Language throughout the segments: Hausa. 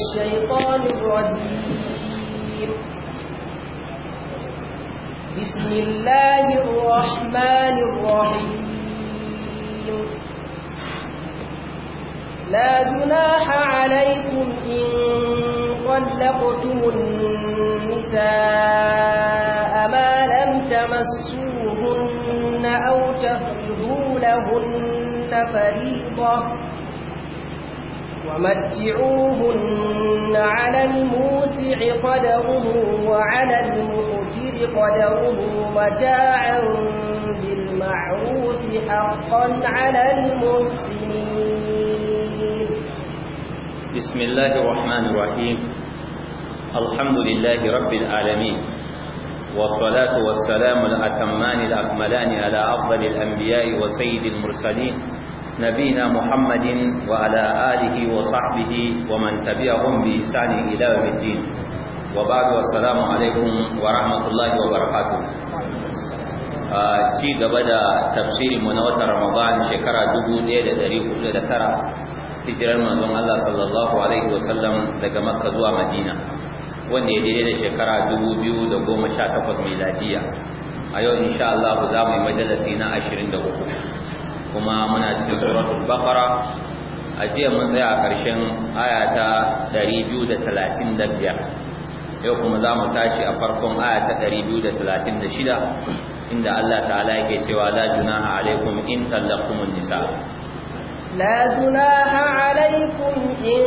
الشيطان الرجيم بسم الله الرحمن الرحيم لا جناح عليكم إن طلقتم النساء ما لم تمسوهن أو تفرضوا لهن فريضة ومتعوهن على الموسع قدره وعلى المؤجر قدره متاعا بالمعروف حقا على المحسنين بسم الله الرحمن الرحيم الحمد لله رب العالمين والصلاة والسلام الأتمان الأكملان على أفضل الأنبياء وسيد المرسلين نبينا محمد وعلى آله وصحبه ومن تبعهم بإحسان إلى يوم الدين وبعد والسلام عليكم ورحمة الله وبركاته ci gaba da tafsirin mu na watan Ramadan shekara 1409 hijirar manzon Allah sallallahu alaihi wasallam daga Makka zuwa Madina wanda ya daidai da shekara 2018 miladiya a yau insha Allah za mu yi majalisi na 23 kuma muna cikin suratul baqara a jiya mun tsaya a ƙarshen aya ta 235 yau kuma za mu tashi a farkon aya ta 236 inda Allah ta'ala yake cewa la junaha alaikum in tallaqtumun nisa لا جناح عليكم إن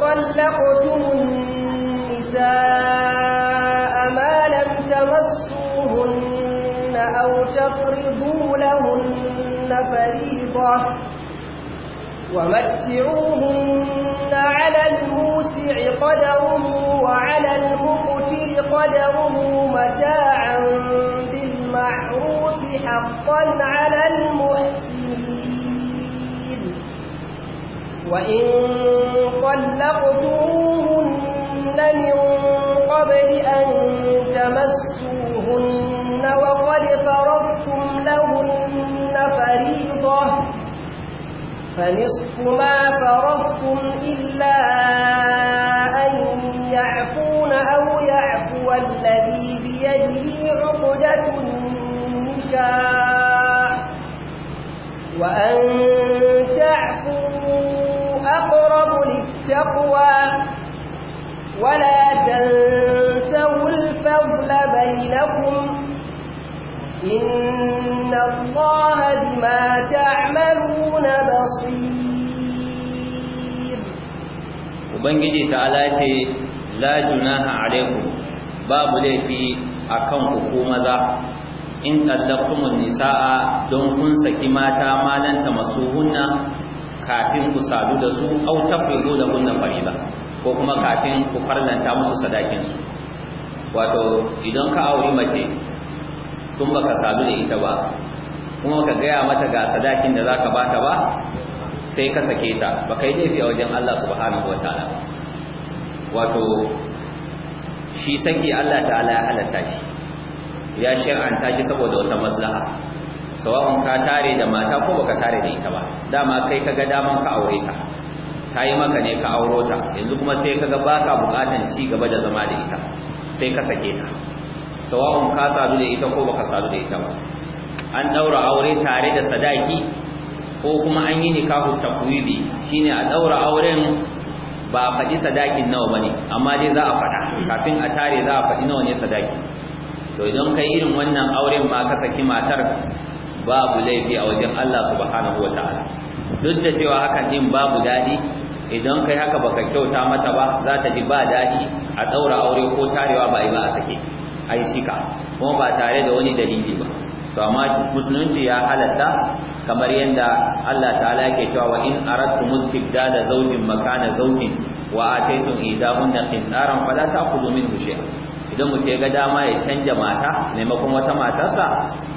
طلقتم النساء ما لم تمسوهن أو تفرضوا لهن فريضة ومتعوهن على الموسع قدره وعلى المقتر قدره متاعا بالمعروف حقا على المحسنين وإن طلقتموهن من قبل أن تمسوهن وقد فرضتم لهن فريضة فنصف ما فرضتم إلا أن يعفون أو يعفو الذي بيده عقدة النكاح وأن تعفوا أقرب للتقوى ولا تنسوا الفضل بينكم إن الله بما تعملون بصير وبنجي تعالى لا جناح عليكم باب لي في أكون حكومة in tallaqtumun nisaa don kun saki mata malan tamassuhunna kafin ku sadu da su au tafridu da kunna fariba ko kuma kafin ku farlanta musu sadakinsu. su wato idan ka auri mace tun baka sadu da ita ba kuma ka gaya mata ga sadakin da zaka bata ba sai ka sake ta baka yi laifi a wajen Allah subhanahu ta'ala wato shi saki Allah ta'ala ya halatta shi ya shar'anta shi saboda wata maslaha sawa'un ka tare da mata ko baka tare da ita ba dama kai ka ga daman ka aure ta ta yi maka ne ka auro ta yanzu kuma sai ka kaga baka bukatan ci gaba da zama da ita sai ka sake ta sawa'un ka sadu da ita ko baka sadu da ita ba an daura aure tare da sadaki ko kuma an yi nikahu takwibi shine a daura auren ba a faɗi sadakin nawa bane amma dai za a faɗa kafin a tare za a faɗi nawa ne sadaki to idan kai irin wannan auren ba ka saki matar babu laifi a wajen Allah subhanahu wataala duk da cewa hakan din babu dadi idan kai haka baka kyauta mata ba za ta ji ba dadi a daura aure ko tarewa ba yi ba a sake ai shika kuma ba tare da wani dalili ba to amma musulunci ya halatta kamar yadda Allah ta'ala yake cewa wa in aradtum istibdala zawjin makana zawjin wa ataytum idahunna qintaran fala ta'khudhu minhu shay'a idan mutum ya ga dama ya canja mata maimakon wata matarsa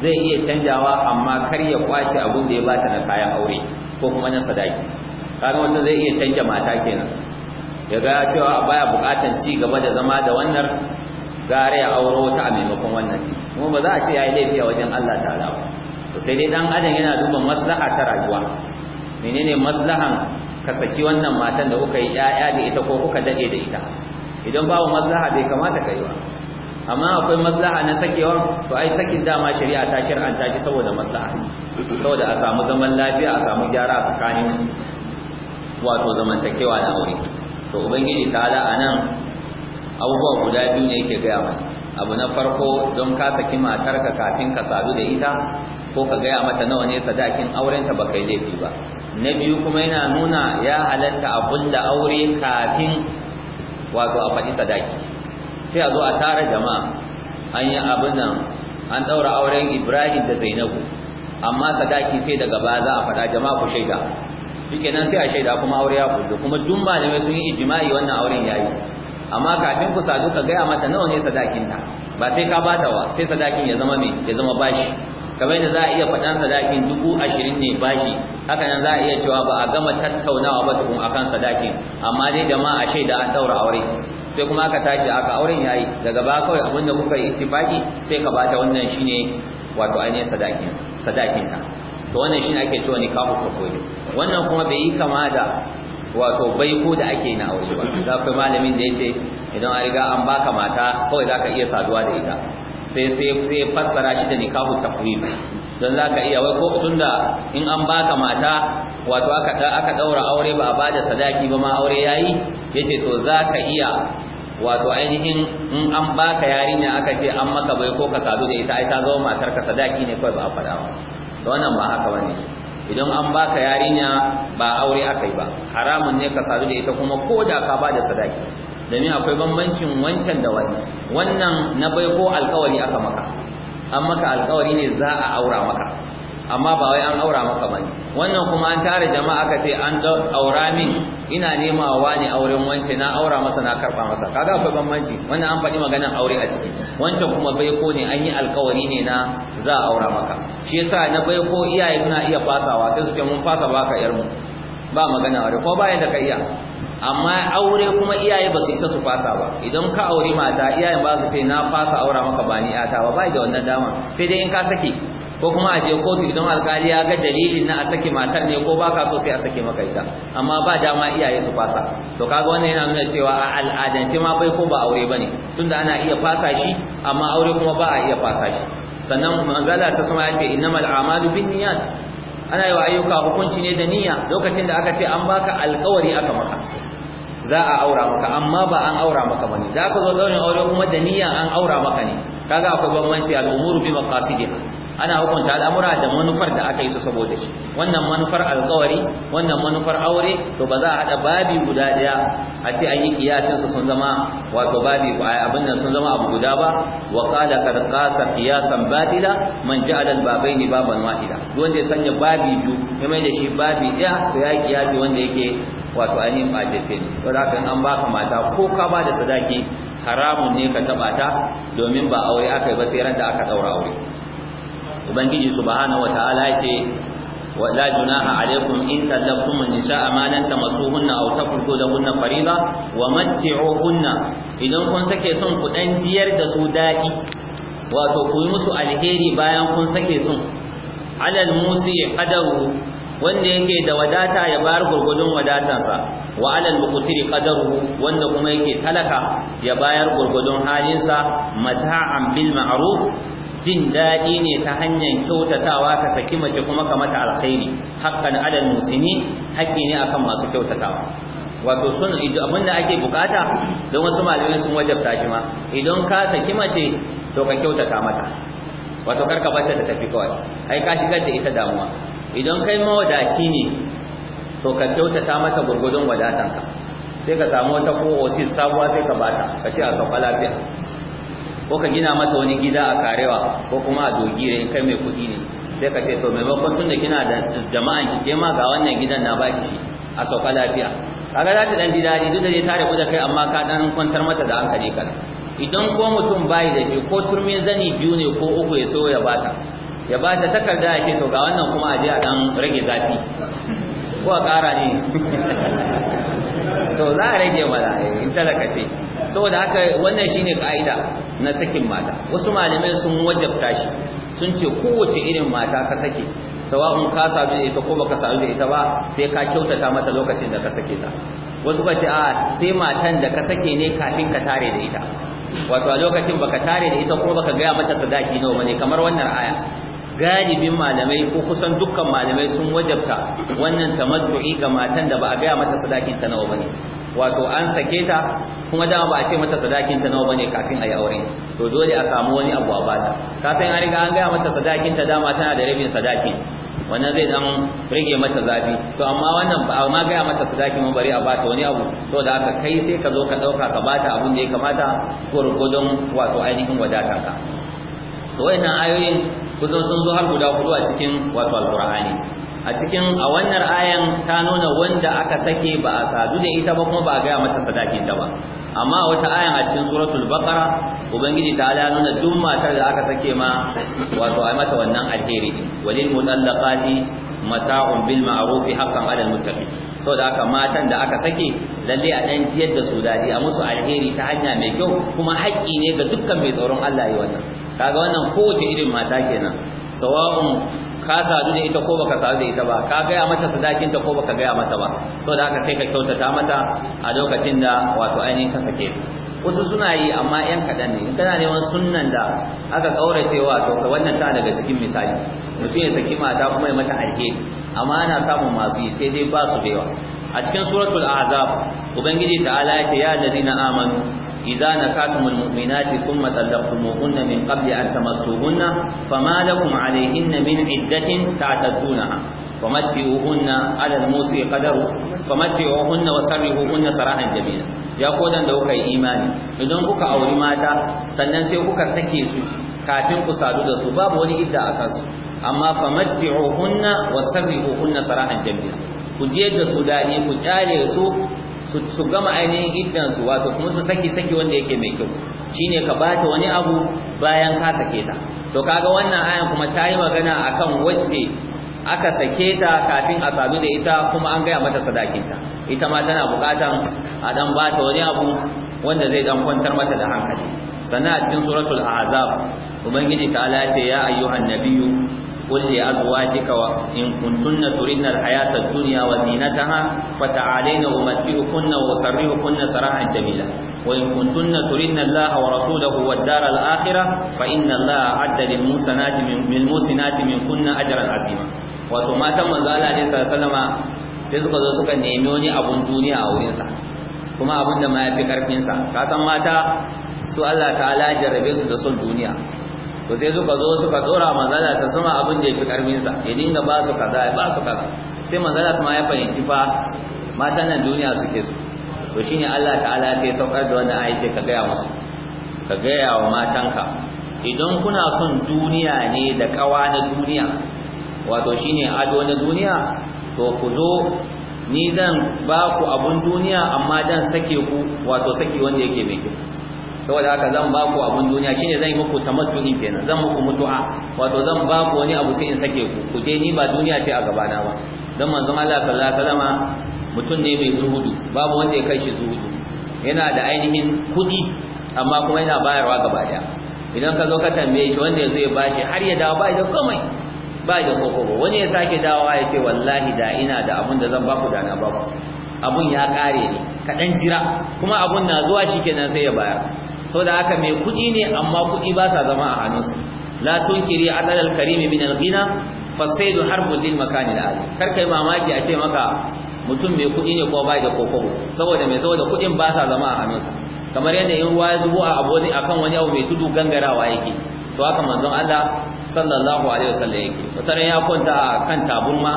zai iya canjawa amma kar ya kwace abin da ya bata na kayan aure ko kuma na sadaki kaga wanda zai iya canja mata kenan ya ga cewa baya bukatan ci gaba da zama da wannan gare ya auro wata a maimakon wannan kuma ba za a ce ya yi laifi a wajen Allah ala ba sai dai dan adam yana duba maslaha ta rayuwa menene maslahan ka saki wannan matan da kuka yi ƴaƴa da ita ko kuka dade da ita idan babu maslaha bai kamata kai ba amma akwai maslaha na sakewa to ai sakin dama shari'a ta shar'anta shi saboda maslaha saboda a samu zaman lafiya a samu gyara tsakanin wato zamantakewa da aure to ubangiji ta ala anan abubuwa guda biyu ne yake gaya mana abu na farko don ka saki matarka kafin ka sadu da ita ko ka gaya mata nawa ne sadakin aurenta ba kai laifi ba na biyu kuma yana nuna ya halatta a da aure kafin wato a faɗi sadaki sai a zo a tara jama'a an yi abin nan an ɗaura auren ibrahim da zainabu amma sadaki sai daga ba za a faɗa jama'a ku shaida shikenan sai a shaida kuma aure ya kullu kuma duk malamai sun yi ijima'i wannan auren ya yi? amma kafin ku sadu ka gaya mata nawa ne sadakinta ba sai ka bata wa sai sadakin ya zama me ya zama bashi kamar da za a iya faɗan sadakin dubu ashirin ne bashi haka nan za a iya cewa ba a gama tattaunawa ba tukun akan sadakin amma dai da ma a shaida an daura aure sai kuma aka tashi aka auren yayi daga ba kawai abinda kuka yi ittifaki sai ka bata wannan shine wato ainihin sadakin sadakin ka to wannan shine ake cewa nikahu proposal wannan kuma bai yi kama da wato baiko da ake na aure ba za ku malamin da yace idan an riga an baka mata kawai zaka iya saduwa da ita sai sai sai fassara shi da nikahu tafwid don zaka iya wai ko tunda in an baka mata wato aka aka daura aure ba a bada sadaki ba ma aure yayi yace to zaka iya wato ainihin in an baka yarinya aka ce an maka bai ko ka sadu da ita ai ta zama matar ka sadaki ne ko ba a fada ba wannan ba haka bane idan an baka yarinya ba aure akai ba haramun ne ka sadu da ita kuma ko da ka ba da sadaki domin akwai bambancin wancan da wani wannan na bai ko alkawari aka maka an maka alkawari ne za a aura maka amma ba wai an aura maka bane wannan kuma an tare jama'a aka ce an aura min ina nema wa ne auren wance na aura masa na karba masa kaga akwai bambanci wannan an faɗi maganar aure a ciki wancan kuma bai ko ne an yi alkawari ne na za a aura maka shi yasa na bai ko iyaye suna iya fasawa sai su ce mun fasa baka ka yarmu ba magana aure ko bayan da ka iya amma aure kuma iyaye ba su isa su fasa ba idan ka aure mata iyayen ba su ce na fasa aura maka ba ni ta ba bai da wannan dama sai dai in ka sake. ko kuma a je kotu idan alkali ya ga dalilin na a saki matar ne ko baka so sai a saki maka ita amma ba dama iyaye su fasa to kaga wannan yana nuna cewa a al'adance ma bai ko ba aure bane tunda ana iya fasa shi amma aure kuma ba a iya fasa shi sannan manzala ta suma ya ce innamal a'malu binniyat ana yi wa ayyuka hukunci ne da niyya lokacin da aka ce an baka alkawari aka maka za a aura maka amma ba an aura maka bane za ka zo daurin aure kuma da niyya an aura maka ne kaga akwai bambanci al'umuru bi maqasidiha ana hukunta al'amura da manufar da aka yi su saboda shi wannan manufar alƙawari wannan manufar aure to ba za a hada babi guda daya a ce an yi kiyasin su sun zama wato babi abin nan sun zama abu guda ba wa qala kad qasa qiyasan batila man ja'ala al baban wahida wanda ya sanya babi biyu ya mai da shi babi daya to ya kiyasi wanda yake wato ainihin bacece ne to da an baka mata ko ka ba da sadaki haramun ne ka taba ta domin ba aure aka yi ba sai ran da aka daura aure ubangiji subhanahu wataala ya ce ولا جناح عليكم إن طلقتم النساء ما لم تمسوهن أو تفرضوا لهن فريضة ومتعوهن Idan kun sake sun ku dan jiyar da su dadi wato ku yi musu alheri bayan kun sake sun alal musi qadaru wanda yake da wadata ya bayar gurgudun wadatansa wa alal muqtiri qadaru wanda kuma yake talaka ya bayar gurgudun halinsa mata'an bil ma'ruf jin daɗi ne ta hanyar kyautatawa ka saki mace kuma ka mata alkhairi haqqan alal musini haƙƙi ne akan masu kyautatawa wato sun abin da ake bukata don wasu malamai sun wajabta shi ma idan ka saki mace to ka kyautata mata wato karka bata ta tafi kawai ai ka shigar da ita damuwa idan kai wadaci ne to ka kyautata mata gurgudun wadatanka sai ka samu wata ko osis sabuwa sai ka bata ka ce a sauka lafiya ko ka gina masa wani gida a karewa ko kuma a dogire in kai mai kuɗi ne sai ka ce to maimakon tun da kina da jama'an ki ma ga wannan gidan na baki shi a sauka lafiya kaga za ta dan ji daɗi duk da dai tare ku da kai amma ka dan kwantar mata da hankali kana idan ko mutum bai da shi ko turmin zani biyu ne ko uku ya so ya bata ya bata takarda ya ce to ga wannan kuma a je a dan rage zafi ko a ƙara ne to za a rage mala eh, in talaka ce saboda haka wannan shine ka'ida na sakin mata wasu malamai sun wajabta shi sun ce kowace irin mata ka sake sawa'un ka sabu da ita ko baka sabu da ita ba sai ka kyautata mata lokacin da ka sake ta wasu ba ce a sai matan da ka sake ne kafin ka tare da ita wato a lokacin baka tare da ita ko baka gaya mata sadaki nawa ne kamar wannan aya galibin malamai ko kusan dukkan malamai sun wajabta wannan tamattu'i ga matan da ba a gaya mata sadakin ta nawa bane wato an sake ta kuma dama ba a ce mata sadakin ta nawa bane kafin a yi aure to dole a samu wani abu a bata ka san an riga an gaya mata sadakin ta dama tana da rabin sadakin wannan zai dan rage mata zafi to amma wannan ba ma gaya mata sadakin mun bari a bata wani abu to da aka kai sai ka zo ka dauka ka bata abun da ya kamata ko rugudun wato ainihin ka to wannan ayoyin kusan sun zo har guda hudu a cikin wato alqur'ani a cikin a wannan ayan ta nuna wanda aka sake ba a sadu da ita ba kuma ba a gaya mata sadakin ta ba amma a wata ayan a cikin suratul baqara ubangiji ta ala nuna duk matar da aka sake ma wato ai mata wannan alheri walil mutallaqati mata'un bil ma'ruf haqqan 'ala al muttaqin da aka matan da aka sake lalle a ɗan tiyar da su dadi a musu alheri ta hanya mai kyau kuma haƙƙi ne ga dukkan mai tsoron Allah yi wannan kaga wannan kowace irin mata kenan sawa'un ka sadu da ita ko baka sadu da ita ba ka gaya mata sadakin ta ko baka gaya mata ba da aka sai ka kyautata mata a lokacin da wato ainihin ka sake wasu suna yi amma yan kaɗan ne kana neman sunnan da aka kauracewa to ka wannan ta daga cikin misali mutum ya saki mata kuma ya mata alheri amma ana samun masu yi sai dai ba su da yawa a cikin suratul azab ubangiji ta'ala ya ce ya ladina amanu إذا نكحتم المؤمنات ثم طلقتموهن من قبل أن تمسوهن فما لكم عليهن من عدة تعتدونها فمتعوهن على الموسي قدره فمتعوهن وسرهوهن سراحا جميلا ya kodan da kuka yi imani idan kuka auri mata sannan sai kuka sake su kafin ku sadu da su babu wani idda a kansu amma famatti'uhunna wasarrihuhunna sarahan jamila ku je da su daɗi ku kyale su su gama ainihin iddan su wato kuma su saki saki wanda yake mai kyau shine ka bata wani abu bayan ka sake ta to kaga wannan ayan kuma ta yi magana akan wacce aka sake ta kafin a sami da ita kuma an gaya mata sadakinta ita ma tana bukatan a dan wani abu wanda zai dan kwantar mata da hankali sannan a cikin suratul azab ubangiji ta ala ce ya ayyuhan nabiyyu qul li azwajika wa in kuntunna turidna al hayata ad dunya wa zinataha fa ta'alayna umatti'ukunna wa sarrihukunna sarahan jamila wa in kuntunna turidna allah wa rasulahu wa ad al fa inna allah a'adda lil musanati min lil min kunna ajran 'azima wato matan manzo Allah ne sallama sai suka zo suka nemi wani abun duniya a wurinsa kuma abun da ma ya fi sa ka san mata su Allah ta'ala jarrabe su da son duniya to sai suka zo suka tsora manzo Allah sallama abun da ya fi sa ya dinga ba su kaza ba su kaza sai Allah sama ya fahimci fa matan nan duniya suke su to shine Allah ta'ala sai saukar da wannan ayace ka gaya musu ka gaya wa matanka idan kuna son duniya ne da kawa na duniya wato shine ado na duniya to ku zo ni zan ba ku abun duniya amma dan sake ku wato saki wanda yake mai kyau saboda haka zan ba ku abun duniya shine zan yi muku tamattu'i kenan zan muku mutu'a wato zan ba ku wani abu sai in sake ku ku je ni ba duniya ce a gaba na ba dan manzon Allah sallallahu alaihi wasallama mutum ne mai zuhudu babu wanda ya kai shi zuhudu yana da ainihin kudi amma kuma yana bayarwa gaba daya idan ka zo ka tambaye shi wanda ya zo ya bashi har ya dawo ba da komai ba da ba wani ya sake dawowa ya ce wallahi da ina da abun da zan ba ku da na ba abun ya kare ne kaɗan jira kuma abun na zuwa shikenan sai ya bayar saboda haka mai kuɗi ne amma kuɗi ba sa zama a hannunsa la tunkiri adal al karim min al ghina fasaidu harbu lil makani al kar kai mamaki a ce maka mutum mai kuɗi ne ko bai da kokobo saboda mai saboda kuɗin ba sa zama a hannunsa kamar yadda in ruwa ya zubo a abu akan wani abu mai tudu gangarawa yake to haka manzon Allah sallallahu alaihi wasallam yake wata ya kwanta a kan taburma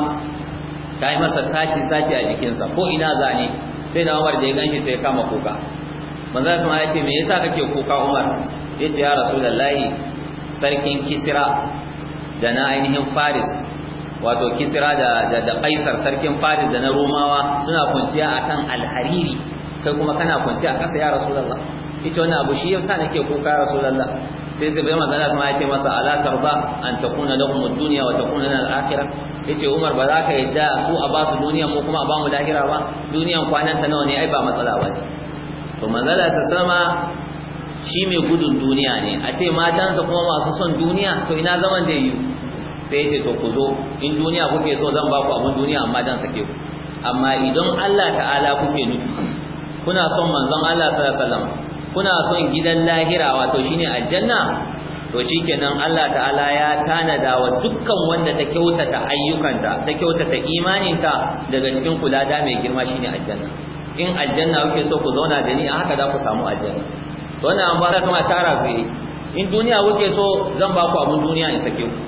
ta yi masa saci saci a jikinsa ko ina zane sai na Umar da ya ganshi sai ya kama kuka manzo sun ya ce me yasa kake kuka Umar yace ya rasulullahi sarkin Kisra da na ainihin Faris wato Kisra da da Kaisar sarkin Faris da na Romawa suna kwanciya akan alhariri kai kuma kana kwanciya a ƙasa ya rasulullahi ita wani abu shi yasa nake kuka rasulullah sai sai bai manzala sama ya ce masa ala tarba an takuna lahum ad-dunya wa takuna lana al-akhirah yace Umar ba za ka yadda su a ba su duniyan mu kuma a ba mu lahira ba duniyan kwanan ta nawa ne ai ba matsala ba to manzala sa sama shi mai gudun duniya ne a ce matansa kuma masu son duniya to ina zaman da yi sai yace to ku zo in duniya kuke so zan ba ku abun duniya amma dan sake ku amma idan Allah ta'ala kuke nufi kuna son manzon Allah sallallahu alaihi wasallam kuna son gidan lahira wato shine aljanna to shikenan Allah ta'ala ya tanada wa dukkan wanda ta kyautata ayyukanta ta kyautata imaninta daga cikin kulada mai girma shine aljanna in aljanna kuke so ku zauna da ni a haka za ku samu aljanna to wannan an ba ta tara ku in duniya kuke so zan ba ku abun duniya in sake ku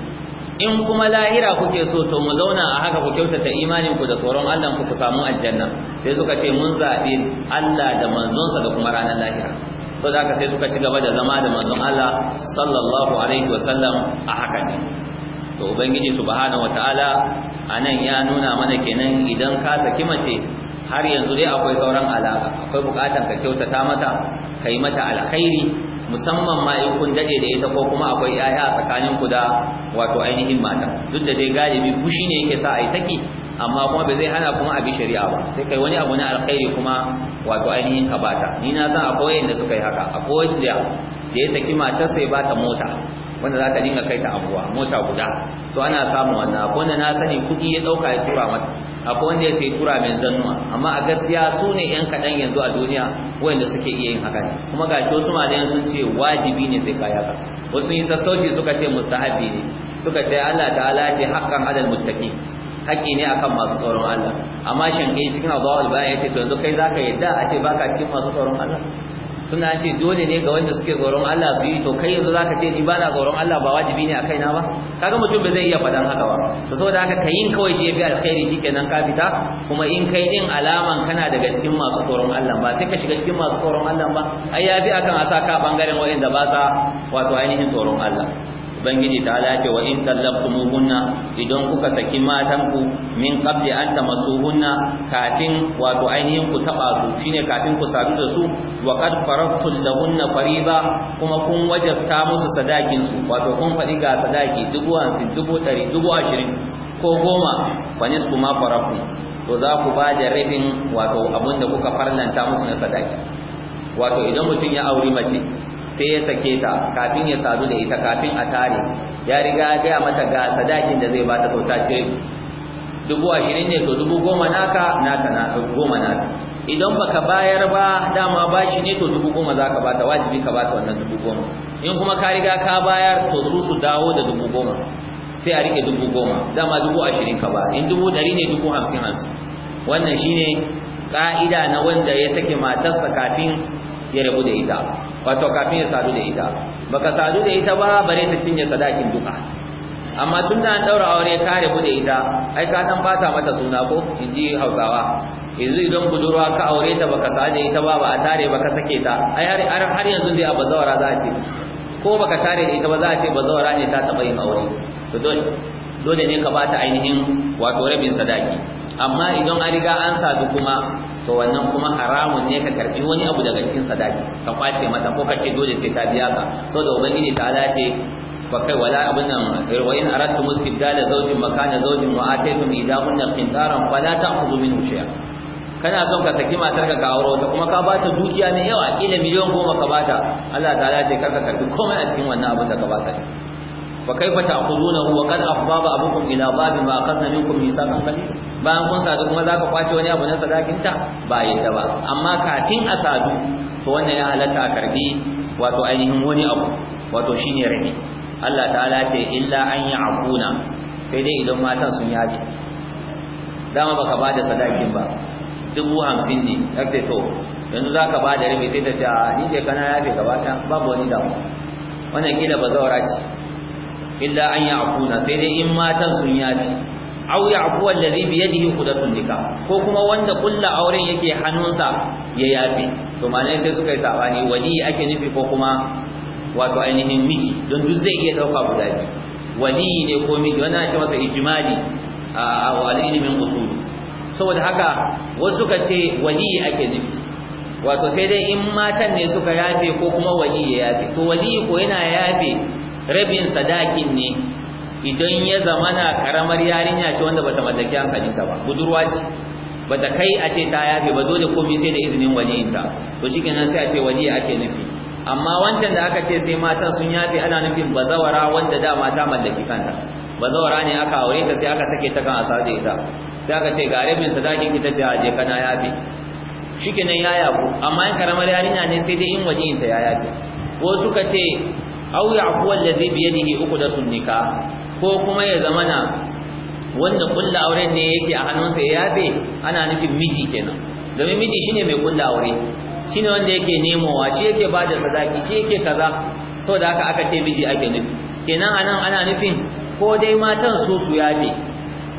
in kuma lahira kuke so to mu zauna a haka ku kyautata imanin ku da tsoron Allah ku ku samu aljanna sai suka ce mun zabi Allah da manzonsa da kuma ranar lahira to da ka sai suka ci gaba da zama da manzon Allah sallallahu alaihi wasallam a haka ne to ubangiji subhanahu wataala anan ya nuna mana kenan idan ka saki mace har yanzu dai akwai sauran alaka akwai bukatan ka kyautata mata kai mata alkhairi musamman ma in kun dade da ita ko kuma akwai yaya tsakanin ku da wato ainihin mata duk da dai galibi fushi ne yake sa ai saki amma kuma bai zai hana kuma abi shari'a ba sai kai wani abu na alkhairi kuma wato ainihin ka bata ni na san akwai yanda suka yi haka akwai wanda da ya saki matar sai ba ta mota wanda za ta dinga kai ta abuwa mota guda so ana samun wannan akwai wanda na sani kuɗi ya ɗauka ya tura mata akwai wanda ya sai tura mai zannuwa amma a gaskiya su ne yan kaɗan yanzu a duniya wanda suke iya yin haka ne kuma ga shi wasu malayan sun ce wajibi ne sai kaya ka wasu yi sassauci suka ce mustahabi ne suka ce Allah ta'ala ce haƙƙan adal muttaqi haƙƙi ne akan masu tsoron Allah amma shanke eh, cikin azawal bayan yace to yanzu kai zaka yadda a ce baka cikin masu tsoron Allah tunda an ce dole ne ga wanda suke tsoron Allah su yi to kai yanzu zaka ce ni bana tsoron Allah ba wajibi ne a kaina ba kaga mutum ba zai iya faɗan haka ba to saboda haka yin kawai shi yafi alkhairi shikenan ka fita kuma in kai din alaman kana daga cikin masu tsoron Allah ba sai ka shiga cikin masu tsoron Allah ba ai yafi akan a ka bangaren wa'inda ba sa wato ainihin tsoron Allah ubangiji ta ala ce wa in tallaqtumuhunna idan kuka saki matan ku min qabli an tamasuhunna kafin wato ainihin ku taba su shine kafin ku sadu da su wa qad faradtum lahunna fariba kuma kun wajabta musu sadakin su wato kun fadi ga sadaki dubu hamsin dubu dari dubu ashirin ko goma fa nisfu ma faraku to za ku ba da rabin wato abinda kuka farlanta musu na sadaki wato idan mutum ya auri mace sai ya sake ta kafin ya sadu da ita kafin a tare ya riga ya gaya mata ga sadakin da zai bata kauta ce dubu ashirin ne to dubu goma naka naka na goma naka idan baka bayar ba dama bashi ne to dubu goma za ka bata wajibi ka bata wannan dubu goma in kuma ka riga ka bayar to su su dawo da dubu goma sai a rike dubu goma dama dubu ashirin ka ba in dubu ɗari ne dubu hamsin hamsin wannan shine ka'ida na wanda ya sake matarsa kafin ya rabu da ita wato kafin ya sadu da ita baka sadu da ita ba bare ta cinye sadakin duka amma tun da an daura aure ka rabu da ita ai ka dan bata mata suna ko inji Hausawa yanzu idan budurwa ka aure ta baka sadu da ita ba ba a tare baka sake ta ai har har yanzu dai a bazawara za a ce ko baka tare da ita ba za a ce bazawara ne ta taba yin aure to dole dole ne ka bata ainihin wato rabin sadaki amma idan an riga an sadu kuma to wannan kuma haramun ne ka karbi wani abu daga cikin sadaki ka kwace mata ko ka ce dole sai ta biya ka saboda ubangiji ta ce فكي ولا أبنا وإن أردتم zawjin زوج مكان زوج وآتيتم إذاهن قنطارا فلا ta'khudhu منه شيئا kana son ka saki matarka ka aure ta kuma ka bata dukiya mai yawa kila miliyan goma ka bata Allah ta'ala ce karka karbi komai a cikin wannan abin da ka ba bata fa kaifa ta'khudunahu wa qad afdaba abukum ila babi ma akhadna minkum misaqan qalil bayan kun sadu kuma zaka kwace wani abu na sadakin ta ba yadda ba amma kafin a sadu to wannan ya halatta a karbi wato ainihin wani abu wato shine rabi Allah ta'ala ce illa an ya'quna sai dai idan matan sun yaje dama baka bada sadakin ba dubu hamsin ne kake to yanzu zaka bada rabi sai ta ce ni je kana yafe gabata babu wani damu wannan kila bazawara ce illa an ya'funa sai dai in matan sun yafi aw ya'fu allazi bi yadihi qudatun nikah ko kuma wanda kulla auren yake hannunsa ya yafi to malai sai suka yi sabani wali ake nufi ko kuma wato ainihin miji don duk zai iya dauka guda biyu wali ne ko miji wannan ake masa ijmali a wani ilimin usul saboda haka wasu suka ce wali ake nufi wato sai dai in matan ne suka yafe ko kuma wali ya yafe to wali ko yana yafe rabin sadakin ne idan ya zamana karamar yarinya ce wanda bata mallaki hankalinta ba budurwa ce bata kai a ce ta yafe ba dole komai sai da izinin waliyinta to shikenan sai a ce waje ake nufi amma wancan da aka ce sai mata sun yafe ana nufin bazawara wanda da mata mallaki kanta bazawara ne aka aure ta sai aka sake ta kan asar da ita sai aka ce ga rabin sadakin ki ta ce aje kana yafe shikenan ya yafu amma in karamar yarinya ne sai dai in waliyinta ya yafe ko suka ce aw ya'fu allazi bi yadihi uqdatun nikah ko kuma ya zamana wanda kulla auren ne yake a hannunsa ya yafe ana nufin miji kenan domin miji shine mai kulla aure shine wanda yake nemowa shi yake bada sadaki shi yake kaza saboda haka aka ce miji ake nufi kenan anan ana nufin ko dai matan su su yafe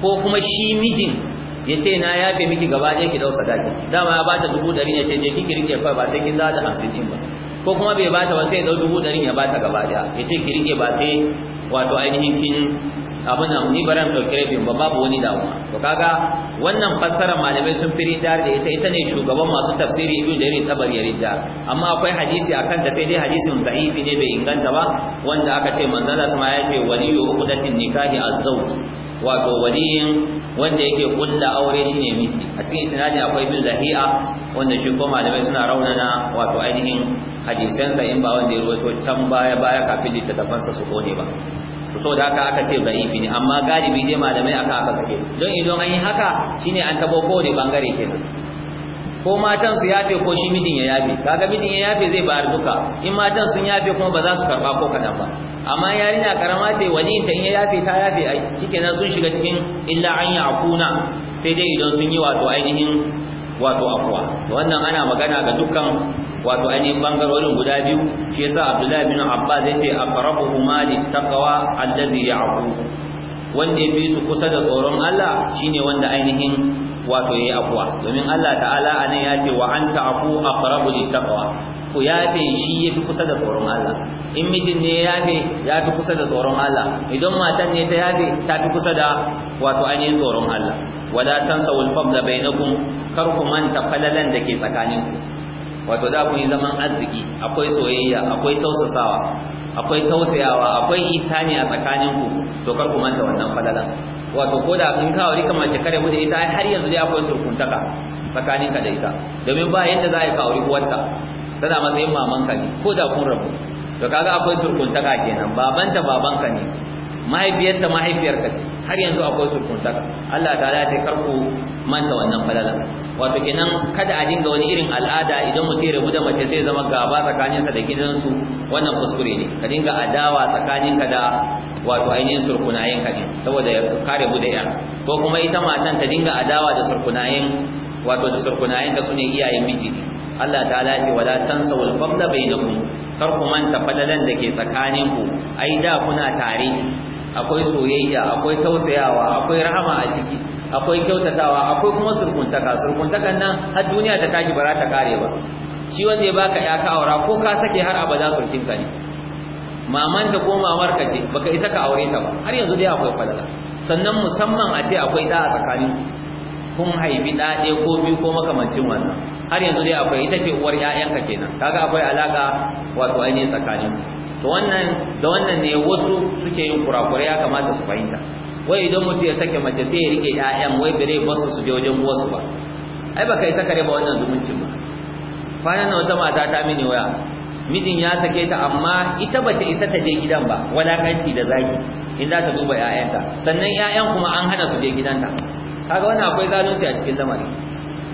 ko kuma shi mijin ya ce na yafe miki gaba ɗaya ki dau sadaki dama ya bata dubu ɗari ya ce je kiki rike kai ba sai kin za da hamsin ɗin ba ko kuma bai bata ba sai ya dau dubu ɗari ya bata gaba daya ya ce ki rike ba sai wato ainihin kin abin nan ni baran ɗauki rabin ba babu wani damuwa to kaga wannan fassara malamai sun fi ridar da ita ita ne shugaban masu tafsiri ibnu jarir tabari rija amma akwai hadisi akan da sai dai hadisin da'ifi ne bai inganta ba wanda aka ce manzala sama ya ce waliyu uqdatin nikahi az-zawj wato waliyin wanda yake kulla aure shine miji a cikin isnadin akwai bin lahi'a wanda shi ko malamai suna raunana wato ainihin hadisan da in ba wanda ya ruwaito can baya baya kafin littattafan sa su kone ba so da haka aka ce da'ifi ne amma galibi dai malamai aka aka suke don idan an yi haka shine an tabo kowane bangare kenan ko matan su yafe ko shi midin ya yafe kaga midin ya yafe zai bayar duka in matan sun yafe kuma ba za su karba ko kadan ba amma yarinya karama ce wani ta in ya yafe ta yafe ai shikenan sun shiga cikin illa an ya akuna sai dai idan sun yi wato ainihin wato afwa wannan ana magana ga dukkan wato ainihin bangarorin guda biyu shi yasa Abdullahi bin zai ce aqrabu mali taqwa allazi ya'qu wanda ya fi su kusa da tsoron Allah shine wanda ainihin wato yayi afwa domin Allah ta'ala anan ya ce wa anta afu aqrabu littaqwa ku yafe shi yafi kusa da tsoron Allah in mijin ne ya yafe ya fi kusa da tsoron Allah idan matan ne ta yafe ta fi kusa da wato ainihin tsoron Allah wala tansawul fadla bainakum kar ku manta falalan da ke tsakaninku wato da kun yi zaman arziki akwai soyayya akwai tausasawa akwai tausayawa akwai isani a tsakanin ku to kar ku manta wannan falala wato ko da in kawo rika mace kare mu da ita har yanzu dai akwai surkuntaka tsakanin ka da ita domin ba yadda za a yi kawo uwarta tana matsayin mamanka ne ko da kun rabu to kaga akwai surkuntaka kenan babanta babanka ne mahaifiyarta mahaifiyarka ce har yanzu akwai surkuntaka Allah ta ce kar ku manta wannan falalan wato kenan kada a dinga wani irin al'ada idan mu ya mu da mace sai zama gaba tsakaninsa da gidansu wannan kuskure ne ka dinga adawa tsakaninka da wato ainihin surkunayen ka ne saboda kare mu da yar ko kuma ita matan ta dinga adawa da surkunayen wato da surkunayen ka sune iyayen miji Allah ta ce wala tansawul fadla bainakum kar ku manta fadalan da ke tsakanin ku ai da kuna tare akwai soyayya akwai tausayawa akwai rahama a ciki akwai kyautatawa akwai kuma surkuntaka surkuntakan nan har duniya ta tashi ba za ta kare ba shi wanda ya baka ya aura ko ka sake har abada surkin ka ne maman da ko mamar ka ce baka isa ka aure ta ba har yanzu dai akwai fadala sannan musamman a ce akwai da a tsakanin kun haifi da ɗaya ko biyu ko makamancin wannan har yanzu dai akwai ita ce uwar 'ya'yanka kenan kaga akwai alaka wato ainihin tsakanin to wannan da wannan ne wasu suke yin kurakurai ya kamata su fahimta wai idan mutum ya sake mace sai ya rike ƴaƴan wai bare basu su je wajen wasu ba ai baka yi sakare ba wannan zumuncin ba kwanan nan wata mata ta mini waya mijin ya sake ta amma ita bata isa ta je gidan ba wadakanci da zaki in za ta duba ƴaƴanta sannan ƴaƴan kuma an hana su je gidanta kaga wannan akwai zalunci a cikin lamarin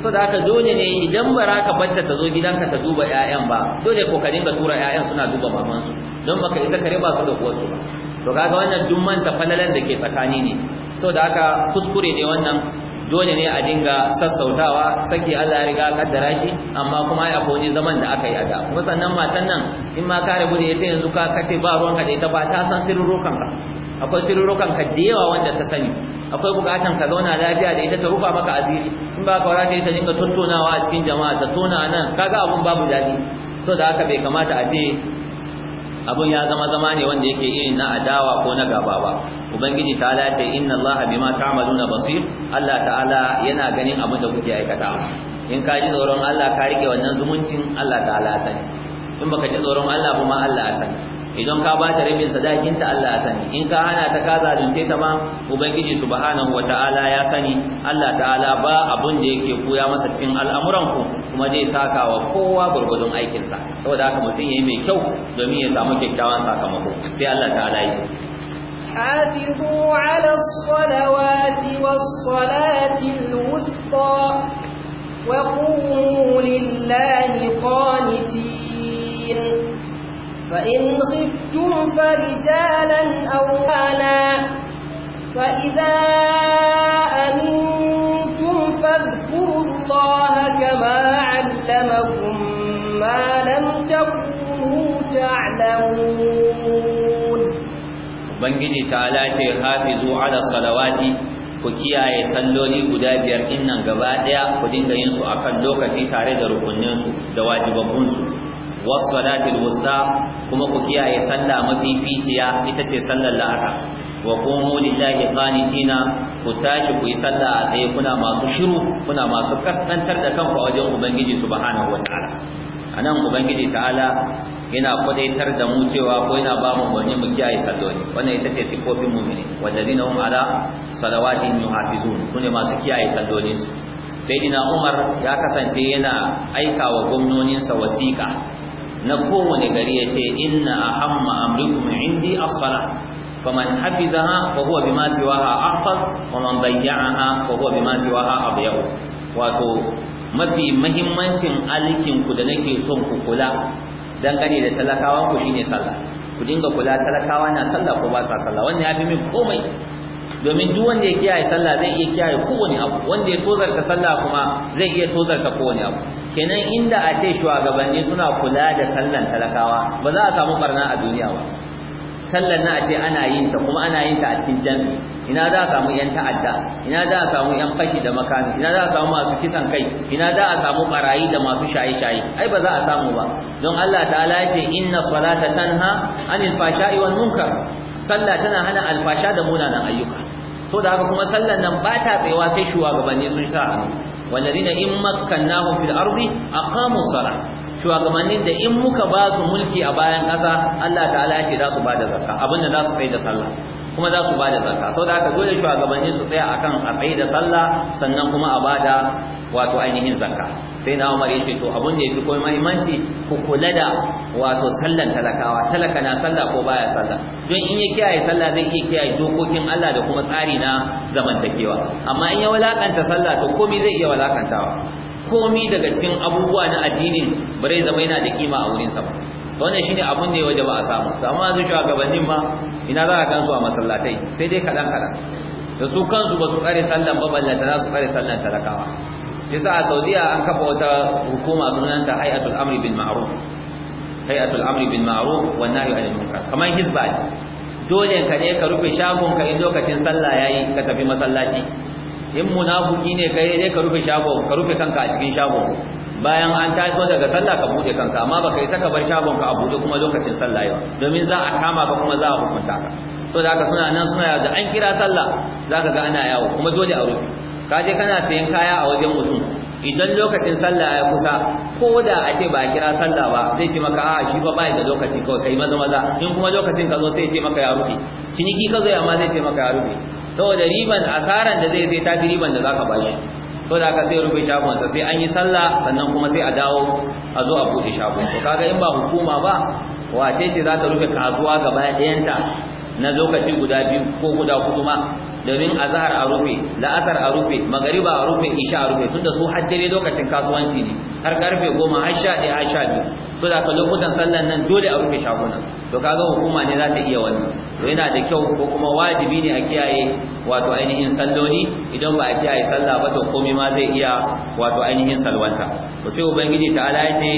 so da haka dole ne idan ba raka ka batta ta zo gidanka ta duba 'ya'yan ba dole ko ka dinga tura 'ya'yan suna duba mamansu don baka isa ka riba su da kuwarsu ba to kaga wannan duk manta falalan da ke tsakani ne so haka kuskure ne wannan dole ne a dinga sassautawa saki Allah ya riga kaddara shi amma kuma ya wani zaman da aka yi a da kuma sannan matan nan in ma ka rabu da ita yanzu ka kace ba ruwanka da ita ba ta san sirrin ka akwai sirrukan ka da yawa wanda ta sani akwai bukatan ka zauna lafiya da ita ta rufa maka asiri in ba ka wadata ita dinga tattaunawa a cikin jama'a ta tona nan kaga abun babu daɗi so da haka bai kamata a ce abun ya zama zama ne wanda yake irin na adawa ko na gaba ba ubangiji ta ala ce inna allaha bima ta'maluna basir allah ta'ala yana ganin abin da kuke aikata. in ka ji tsoron allah ka rike wannan zumuncin allah ta'ala sani in baka ji tsoron allah kuma allah sani idan ka bata rabin sadakin ta Allah ya sani in ka hana ta ka zalunce ta ma ubangiji subhanahu wataala ya sani Allah ta'ala ba abun da yake koya masa cikin al'amuran ku kuma zai saka wa kowa gurgudun aikin sa saboda haka mutum yayi mai kyau domin ya samu kyakkyawan sakamako sai Allah ta'ala ya حافظوا على الصلوات والصلاة الوسطى وقوموا لله قانتين فإن خفتم فرجالا أو حالا فإذا أمنتم فاذكروا الله كما علمكم ما لم تكونوا تعلمون بنجي تعالى حافظوا على الصلوات ku kiyaye salloli guda biyar din nan gaba ɗaya ku dinga yin su akan lokaci tare da rukunninsu da wajibabbunsu wasalatul wusta kuma ku kiyaye sallah mafificiya ita ce sallar la'asa wa qumu lillahi qanitina ku tashi ku yi sallah a tsaye kuna masu shiru kuna masu kaskantar da kanku a wajen ubangiji subhanahu wataala anan ubangiji ta'ala yana kwadaitar da mu cewa ko yana ba mu gwani mu kiyaye salloli wannan ita ce sifofin mu'mini wadallina hum ala salawatihim yuhafizun sune masu kiyaye sallolin su sayyidina umar ya kasance yana aika wa gwamnoninsa wasiƙa na kowane gari ya ce inna ahamma amrikum indi as-salah faman hafizaha fa huwa bima siwaha ahfaz wa man bayya'aha fa huwa bima siwaha abyaw wato mafi mahimmancin alikinku ku da nake son ku kula dangane da talakawa ku shine sallah ku dinga kula talakawa na sallah ko ba sa sallah wannan ya fi min komai domin duk wanda ya kiyaye sallah zai iya kiyaye kowane abu wanda ya tozarta sallah kuma zai iya tozarta kowane abu kenan inda a ce shugabanni suna kula da sallan talakawa ba za a samu barna a duniya ba sallan na a ce ana yin ta kuma ana yin ta a cikin jami'i ina za a samu yan ta'adda ina za a samu yan fashi da makami ina za a samu masu kisan kai ina za a samu barayi da masu shaye-shaye ai ba za a samu ba don Allah ta'ala ya ce inna salata tanha anil fashai wal munkar sallah tana hana alfasha da munanan ayyuka so da haka kuma sallan nan ba ta tsayawa sai shugabanni sun sa hannu wallazina in makkannahum fil ardi aqamu salah shugabannin da in muka ba su mulki a bayan ƙasa Allah ta'ala ya ce za su ba da zakka abinda za su kai da sallah kuma za su ba da zakka saboda haka dole shugabanni su tsaya akan a da sallah sannan kuma a bada wato ainihin zakka sai na Umar yake to abun da fi koyi mahimmanci ku kula da wato sallan talakawa talaka na sallah ko baya sallah don in ya kiyaye sallah zai iya kiyaye dokokin Allah da kuma tsari na zamantakewa amma in ya walakanta sallah to komi zai iya walakantawa komi daga cikin abubuwa na addinin bare zama yana da kima a wurin sa wannan shine abun ne waje ba a samu amma yanzu shugabannin ma ina za ka gansu a masallatai sai dai kadan kadan da su kansu ba su kare sallan ba ballanta za su kare sallan talakawa yasa a Saudiya an kafa wata hukuma sunanta Hay'atul Amri bil Ma'ruf Hay'atul Amri bil Ma'ruf wan Nahyi 'anil Munkar kamar hizba dole ka ne ka rufe shagon ka in lokacin sallah yayi ka tafi masallaci in munafiki ne kai dai ka rufe shago ka rufe kanka a cikin shago bayan an taso daga sallah ka bude kanka amma baka isa ka bar shagon ka a bude kuma lokacin sallah yau domin za a kama ka kuma za a hukunta ka So da haka suna nan suna da an kira sallah zaka ga ana yawo kuma dole a rufe ka je kana sayan kaya a wajen mutum idan lokacin sallah ya kusa ko da a ce ba a kira sallah ba zai ce maka a shi ba bai da lokaci kawai kai maza maza in kuma lokacin ka zo sai ya ce maka ya rufe ciniki ka zo amma zai ce maka ya rufe saboda riban asaran da zai zai tafi riban da zaka bashi to da ka sai rufe shagon sa sai an yi sallah sannan kuma sai a dawo a zo a bude shagon to kaga in ba hukuma ba wace ce za ta rufe kasuwa gaba ɗayanta na lokaci guda biyu ko guda hudu domin a zahar a rufe la'asar a rufe magariba a rufe isha a rufe tunda su haddare lokacin kasuwanci ne har karfe goma har sha ɗaya har sha biyu so da ka lokutan sallan nan dole a rufe shaguna to kaga hukuma ne za ta iya wani. to yana da kyau ko kuma wajibi ne a kiyaye wato ainihin salloli idan ba a kiyaye sallah ba to komai ma zai iya wato ainihin salwanta to sai ubangiji ta ya ce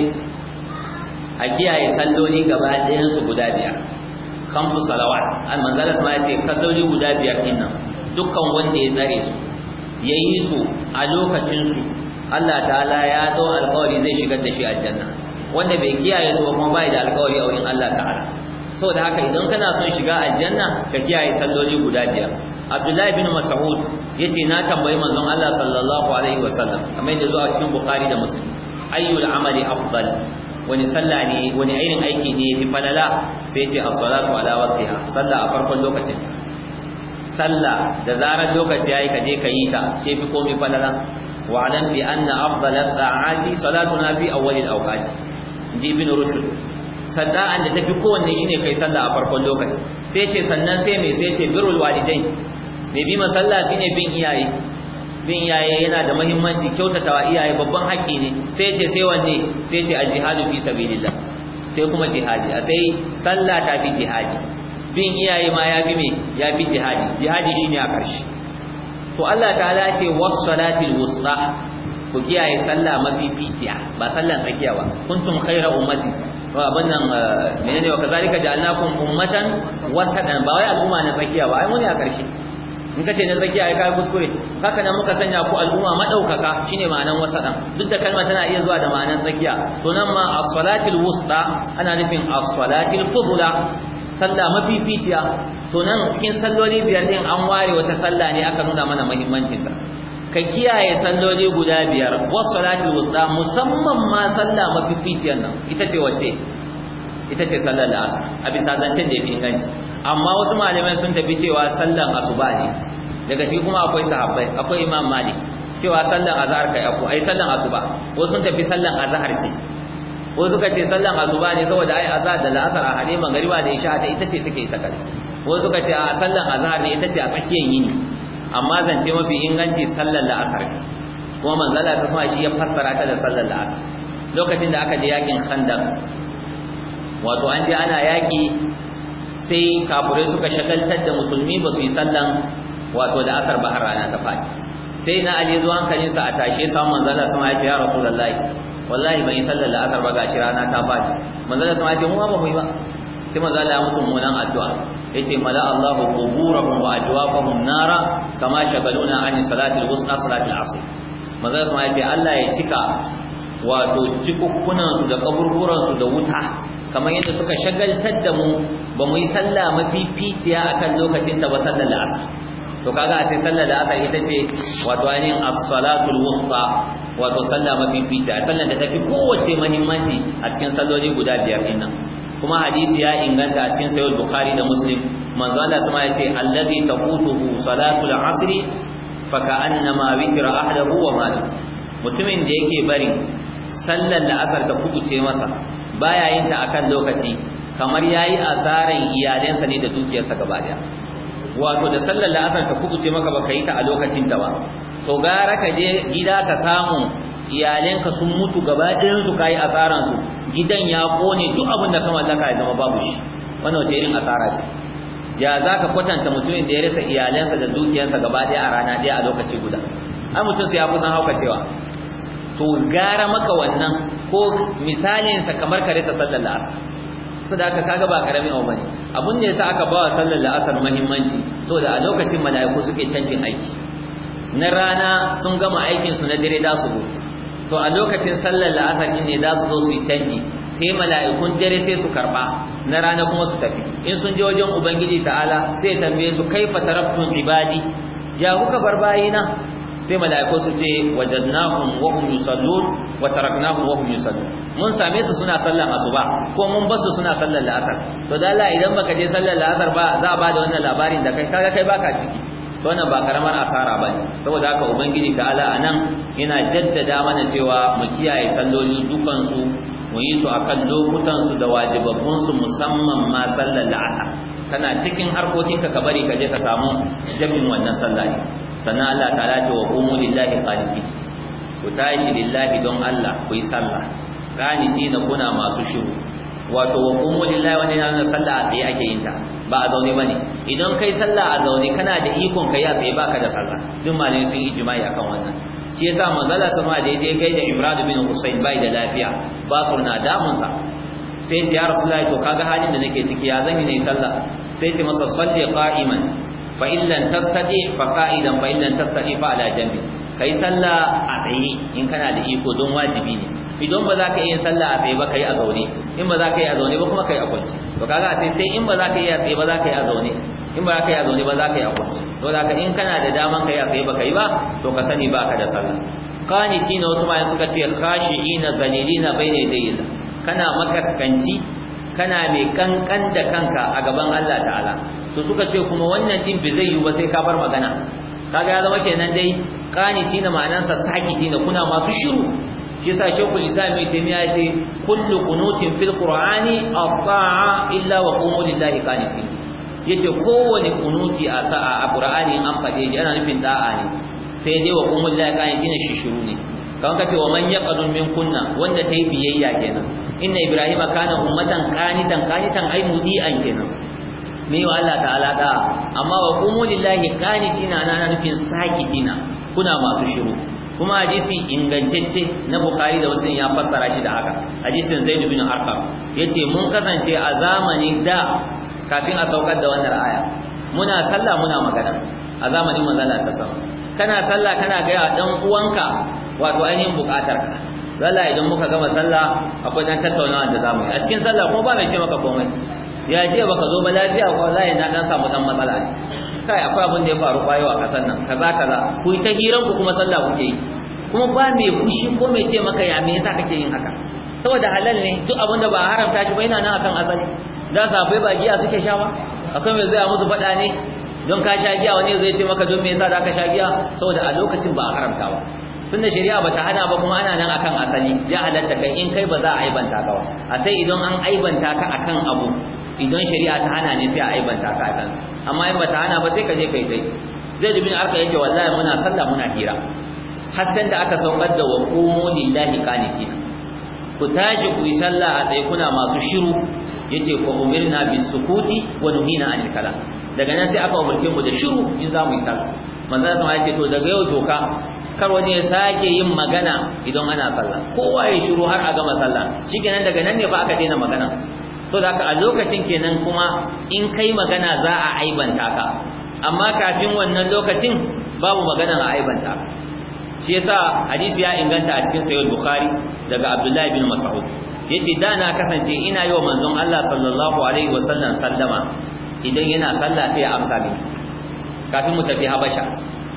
a kiyaye salloli gaba ɗayan su guda biyar kamfu salawat al manzala ya ce salloli guda biyar din dukkan wanda ya tsare su ya yi su a lokacinsu Allah ta'ala ya zo alkawari zai shigar da shi aljanna wanda bai kiyaye su ba kuma bai da alkawari a wurin Allah ta'ala saboda haka idan kana son shiga aljanna ka kiyaye salloli guda biyar Abdullahi bin Mas'ud yace na tambayi manzon Allah sallallahu alaihi wasallam kamar yadda zuwa cikin Bukhari da Muslim ayyul amali afdal wani sallah ne wani irin aiki ne fi falala sai yace as-salatu ala waqtiha sallah a farkon lokacin sallah da zarar lokaci yayi ka je ka yi ta sai fi komai falala wa alam bi anna afdal Salatu na fi awwal al-awqat ibn sadda an da tafi kowanne shine kai sallah a farkon lokaci sai ce sannan sai me sai ce birrul walidain me bi masalla shine bin iyaye bin iyaye yana da muhimmanci kyautata wa iyaye babban haƙi ne sai ce sai wanne sai ce al-jihadu fi sabilillah sai kuma jihadi a sai sallah ta fi jihadi bin iyaye ma ya bi me ya bi jihadi jihadi shine a ƙarshe to Allah ta'ala ce was-salatil wusta ku kiyaye sallah mafificiya ba sallan tsakiya ba kuntum khayra ummati wa abannan eh, menene wa kazalika ja'alnakum ummatan wasatan ba wai al'umma na tsakiya ba ai mun ne a ƙarshe in kace na tsakiya ai kai kuskure haka nan muka sanya ku al'umma madaukaka shine ma'anan wasadan duk da kalma tana iya zuwa da ma'anan tsakiya to nan ma as-salatil wusta ana nufin as-salatil fudula sallah mafificiya to nan cikin salloli biyar din an ware wata sallah ne aka nuna mana muhimmancin ta ka kiyaye salloli guda biyar was salatul wusta musamman ma sallah mafificiyan nan ita ce wace ita ce sallar asar a bisa zancen da yafi inganci amma wasu malamai sun tafi cewa sallar asuba ne daga shi kuma akwai sahabbai akwai imam malik cewa sallar azhar kai ako ai sallan asuba wasu sun tafi sallar azhar ce ko suka ce sallan azuba ne saboda ai azhar da la'asar a hade magariba da isha ta ita ce take ita kare ko suka ce a sallan azhar ne ita ce a tsakiyar yini amma zance mafi inganci sallan la'asar ne kuma manzala ta kuma shi ya fassara ta da sallan la'asar lokacin da aka je yakin khandaq wato an je ana yaki sai kafure suka shagaltar da musulmi ba su yi sallan wato da asar ba har rana ta fadi sai na ali zuwan kaninsa a tashe samun manzala sun ya ce ya rasulullahi wallahi bai sallar la'asar ba gashi rana ta faɗi manzo da ce mu ba mu yi ba sai manzo Allah ya musu munan addu'a yace mala Allahu quburahum wa ajwafahum nara kama shagaluna an salatil wusta salatil asr manzo da sama yace Allah ya cika wato cikukkunan su da kaburburan su da wuta kamar yadda suka shagaltar da mu ba mu yi sallah mafificiya akan lokacin ta ba sallar la'asar to kaga sai sallar la'asar ita ce wato ainihin as-salatul wusta wato sallah mafifici a sallar da tafi kowace mahimmanci a cikin salloli guda biyar din nan kuma hadisi ya inganta a cikin sahih bukhari da muslim manzo Allah sama yace allazi taqutuhu salatul asri fa ka'annama witra ahdahu wa malik mutumin da yake barin sallar da asar ta kubuce masa baya yin ta akan lokaci kamar yayi asaran iyalensa ne da dukiyarsa gaba daya wato da sallar da la'asar ta kubuce maka baka yi ta a lokacin da ba to gara ka je gida ka samu iyalanka sun mutu gaba ɗayan su kai asaran gidan ya kone duk abin da ka mallaka ya zama babu shi wannan wace irin asara ce ya zaka kwatanta mutumin da ya rasa iyalansa da dukiyansa gaba ɗaya a rana ɗaya a lokaci guda ai mutum sai ya kusan hauka cewa to gara maka wannan ko misalinsa kamar ka rasa sallar da asar sadaka kaga ba karamin abu bane abun ne yasa aka bawa sallar la'asar muhimmanci saboda a lokacin mala'iku suke canjin aiki na rana sun gama aikin su na dare da su go to a lokacin sallar la'asar in ne da su zo su canji sai mala'ikun dare sai su karba na rana kuma su tafi in sun je wajen ubangiji ta'ala sai tambaye su kaifa tarabtu ibadi ya kuka bar bayina sai mala'iku su ce wajadnahum wa hum yusallun wa taraknahum wa hum yusallun mun same su suna sallan asuba ko mun basu suna sallar la'asar to da Allah idan baka je sallar la'asar ba za a bada wannan labarin da kai kaga kai baka ciki to wannan ba karamar asara bane saboda haka ubangiji ala anan yana jaddada mana cewa mu kiyaye salloli dukan su mu yi su akan lokutan su da wajibabbun su musamman ma sallar la'asar kana cikin harkokinka ka bari ka je ka samu jami'in wannan sallah sannan Allah ta'ala ce wa qumu lillahi qanitin ku tashi lillahi don Allah ku yi sallah qanitina kuna masu shiru wato wa qumu lillahi wani yana sallah a tsaye ake yin ta ba a zaune bane idan kai sallah a zaune kana da ikon kai a tsaye baka da sallah duk malai sun yi ijma'i akan wannan shi yasa manzala sama da yaje kai da Imran bin Husayn bai da lafiya ba na damun sa sai ya rasulullahi to kaga halin da nake ciki ya zan yi ne sallah sai ce masa salli qa'iman fa illan tastati fa qa'idan fa illan tastati fa ala jambi kai sallah a tsaye in kana da iko don wajibi ne idan ba za ka iya sallah a tsaye ba kai a zaune in ba za ka yi a zaune ba kuma kai a kwance to kaga sai sai in ba za ka yi a tsaye ba za ka yi a zaune in ba za ka yi a zaune ba za ka yi a kwance to za ka in kana da daman kai a tsaye ba kai ba to ka sani ba ka da sallah qanitina wasu ma suka ce khashi'ina zalilina bayna yadayhi kana makaskanci kana mai kankan da kanka a gaban Allah ta'ala to suka ce kuma wannan din bai zai yi ba sai ka bar magana kaga ya zama kenan dai qanitina ma'anansa ɗina kuna masu shiru shi yasa shehu islam ibn taymiya yace kullu qunutin fil qur'ani ata'a illa wa qumu lillahi qanitin yace kowane qunuti a sa'a a qur'ani an fade shi ana nufin da'a ne sai dai wa qumu lillahi qanitin shi shiru ne kan kace wa man yaqadun min kunna wanda tayi biyayya kenan inna ibrahima kana ummatan qanitan qanitan ay mudi'an kenan me wa Allah ta'ala da amma wa qumu lillahi qanitina na nufin sakitina kuna masu shiru kuma hadisi ingantacce na bukhari da wasu ya fassara shi da haka hadisin zaid bin arqam yace mun kasance a zamanin da kafin a saukar da wannan aya muna sallah muna magana a zamanin manzon Allah sallallahu kana sallah kana ga dan uwanka wato ainihin bukatar ka sallah idan muka gama sallah akwai dan tattaunawa da zamu yi a cikin sallah kuma ba mai ce maka komai ya jiya baka zo ba lafiya ko wallahi na dan samu dan matsala ne kai akwai abin da ya faru kwayo a kasan nan kaza kaza ku ta hiran ku kuma sallah kuke yi kuma ba mai fushi ko mai ce maka ya me yasa kake yin haka saboda halal ne duk abin da ba haramta shi ba yana nan akan asali da safai ba giya suke sha ba akwai mai zuwa musu faɗa ne don ka sha giya wani zai ce maka don me yasa ka sha giya saboda a lokacin ba haramta ba tunda shari'a bata hana ba kuma ana nan akan asali ya halatta kai in kai ba za a aibanta ka ba a sai idan an aibanta ka akan abu idan shari'a ta hana ne sai a aibanta ka akan amma in bata hana ba sai ka je kai sai. zai dubin arka yace wallahi muna sallah muna hira har san da aka saukar da wa lillahi qanitina ku tashi ku yi sallah a tsaye kuna masu shiru yace ku umirna bis sukuti wa nuhina anil kalam daga nan sai aka umarce mu da shiru in za mu yi sallah manzon sama yake to daga yau doka kar wani ya sake yin magana idan ana sallah kowa ya shiru har a gama sallah shikenan daga nan ne fa aka daina magana so da a lokacin kenan kuma in kai magana za a aibanta ka amma kafin wannan lokacin babu magana a aibanta ka shi yasa hadisi ya inganta a cikin sahih bukhari daga abdullahi bin mas'ud yace da na kasance ina yi wa manzon Allah sallallahu alaihi wasallam sallama idan yana sallah sai ya amsa min kafin mu tafi habasha